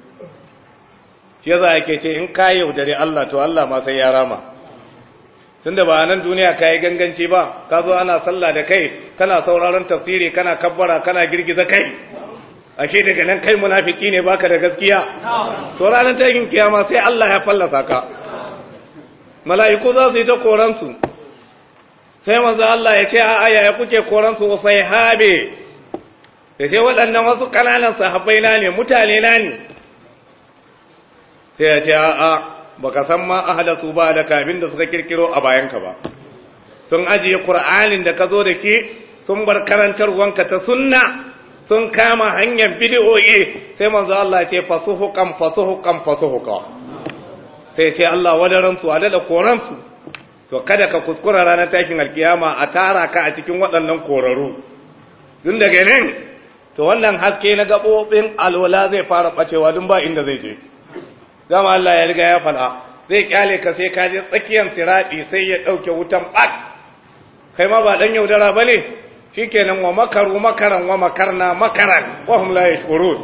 shi yasa yake ce in ka yaudare Allah to Allah ma sai ya rama tunda ba nan duniya ka ganganci ba ka zo ana sallah da kai kana sauraron tafsiri kana kabbara kana girgiza kai Ake daga nan kai munafiki ne baka da gaskiya to ranar tayin kiyama sai Allah ya fallasa ka mala'iku za su yi ta koransu sai manzo Allah ya ce a'a ya kuke koransu sai habe da ce waɗannan wasu ƙananan sahabbai na ne mutane na ne sai ya ce a'a baka san ma hada su ba da kafin da suka kirkiro a bayanka ba sun ajiye ƙur'anin da ka zo da ke sun bar karantar wanka ta sunna sun kama hanyar bidiyoyi sai manzo Allah ce fasuhuqan fasuhuqan fasuhuqa sai ce Allah wadaran su adada koran su to kada ka kuskura ranar tashin alkiyama a tara ka a cikin waɗannan koraru tun daga nan to wannan haske na gabobin alwala zai fara bacewa dun ba inda zai je dama Allah ya riga ya fada zai kyale ka sai ka je tsakiyar siradi sai ya dauke wutan bak kai ma ba dan yaudara bane shikenan wa makaru makaran wa makarna makaran wa hum la yashurun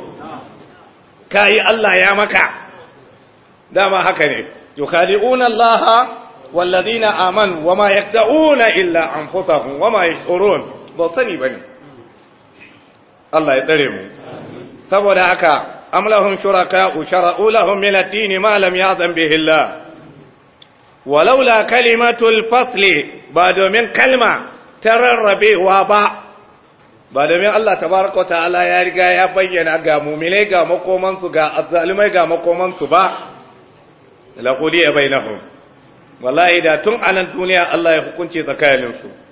kai Allah ya maka dama haka ne yukhali'una Allah والذين آمنوا وما يكتؤون إلا أنفسهم وما يشعرون بصني بني Allah ya tsare mu saboda haka am lahum shuraka'u shara'u lahum min ad-din ma lam ya'zam bihi Allah walaula kalimatul fasli ba domin kalma tararrabewa ba ba domin Allah tabaraka wa ta'ala ya riga ya bayyana ga mu'minai ga makomansu ga azzalimai ga makomansu ba laqudiya bainahum wallahi da tun anan duniya Allah ya hukunci tsakaninsu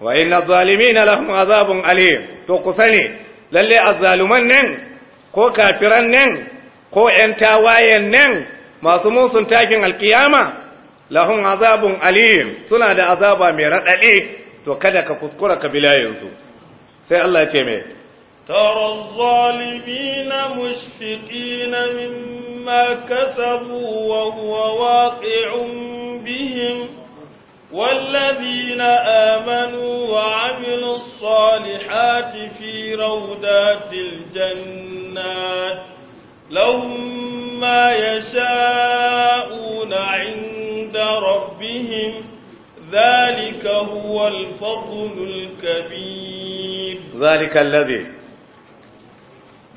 wa inna zalimina lahum azabun alim to ku sani lalle azzaluman nan ko kafiran nan ko yan tawayen nan masu musun takin alkiyama lahum azabun alim suna da azaba mai raɗaɗi? to kada ka kuskura ka bilayensu sai Allah ce mai ترى الظالمين مشفقين مما كسبوا وهو واقع بهم والذين آمنوا وعملوا الصالحات في رودات الجنات لهم ما يشاءون عند ربهم ذلك هو الفضل الكبير ذلك الذي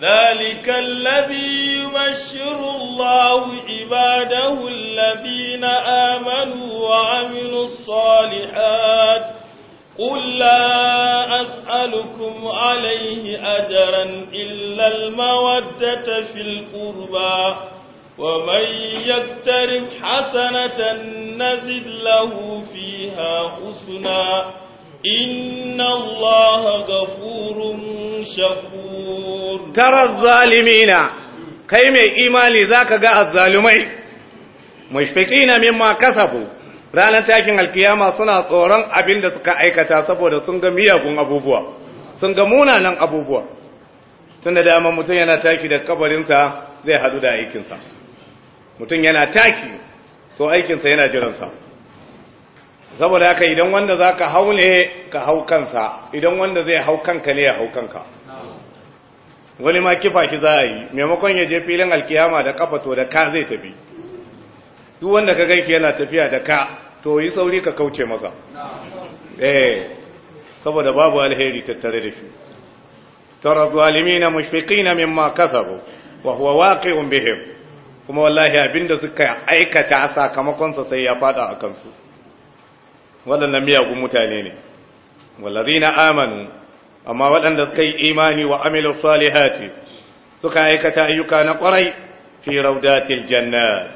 ذلك الذي يبشر الله عباده الذين آمنوا وعملوا الصالحات قل لا أسألكم عليه أجرا إلا المودة في القربى ومن يقترف حسنة نزد له فيها حسنا إن الله غفور شكور ترى الظالمين kai mai imani za zaka ga azzalumai na mimma kasafu. ranar takin alkiyama suna tsoron abin da suka aikata saboda sun ga miyagun abubuwa sun ga munanan abubuwa Tun da dama mutum yana taki da kabarinsa zai hadu da aikinsa mutum yana taki so aikinsa yana jiransa saboda haka idan wanda za ka hau ne ka hau kansa idan wanda zai hau kanka ne ya hau kanka wani ma kifa shi za a yi maimakon ya je filin alkiyama da kafa to da ka zai tafi duk wanda ka ganki yana tafiya da ka to yi sauri ka kauce maka eh saboda babu alheri tattare da shi tara zalimina mushfiqina mimma kasabu wa huwa waqi'un bihim kuma wallahi abinda suka aikata sakamakon sa sai ya fada akan su wadannan miyagun mutane ne wallazina amanu amma waɗanda suka yi imani wa amilu salihati suka aikata ayyuka na ƙwarai fi raudatil janna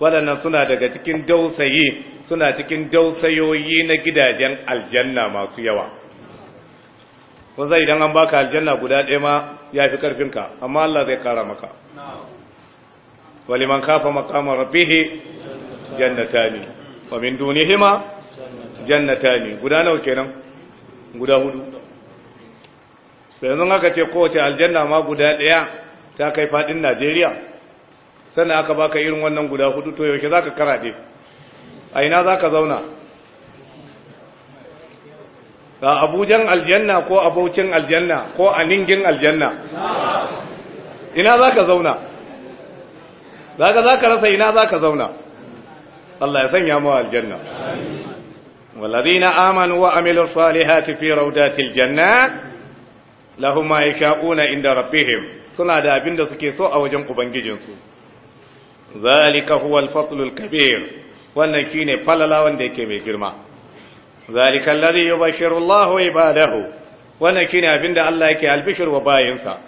waɗannan suna daga cikin dausayi suna cikin dausayoyi na gidajen aljanna masu yawa kun zai idan an baka aljanna guda ɗaya ma ya fi ƙarfinka amma Allah zai ƙara maka waliman kafa rabbihi jannata jannatani wa min dunihima jannatani guda nawa kenan guda hudu sai yanzu aka ce kowace aljanna ma guda ɗaya ta kai faɗin najeriya sannan aka baka irin wannan guda hudu to yaushe za ka karaɗe a ina za ka zauna a abujan aljanna ko a aljanna ko a ningin aljanna ina za ka zauna za ka za ka rasa ina za ka zauna Allah ya sanya mawa aljanna والذين آمنوا وعملوا الصالحات في روضات الجنات lahum ma yasha'una inda rabbihim suna da abin da suke so a wajen ubangijinsu zalika huwa al-fadl al-kabir wannan shine falala wanda yake mai girma zalika alladhi yubashiru Allahu ibadahu wannan shine abin da Allah yake albishir wa bayinsa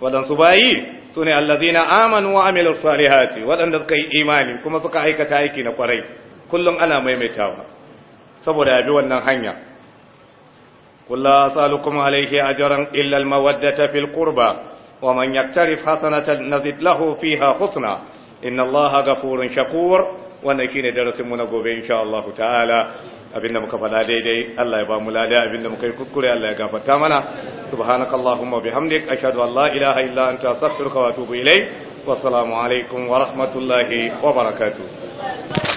wadansu bayi sune allazina amanu wa amilus salihati wadanda suka yi imani kuma suka aikata aiki na kwarai kullum ana maimaitawa saboda bi wannan hanya قل لا أسألكم عليه أجرا إلا المودة في القربى ومن يقترف حسنة نزد له فيها حسنى إن الله غفور شكور wannan shine darasin mu na gobe insha Allah ta'ala abinda muka faɗa daidai Allah ya ba mu lada abinda muka yi kuskure Allah ya gafarta mana subhanakallahumma bihamdik ashhadu an la ilaha illa anta astaghfiruka wa atubu ilayk wa assalamu alaikum wa rahmatullahi wa barakatuh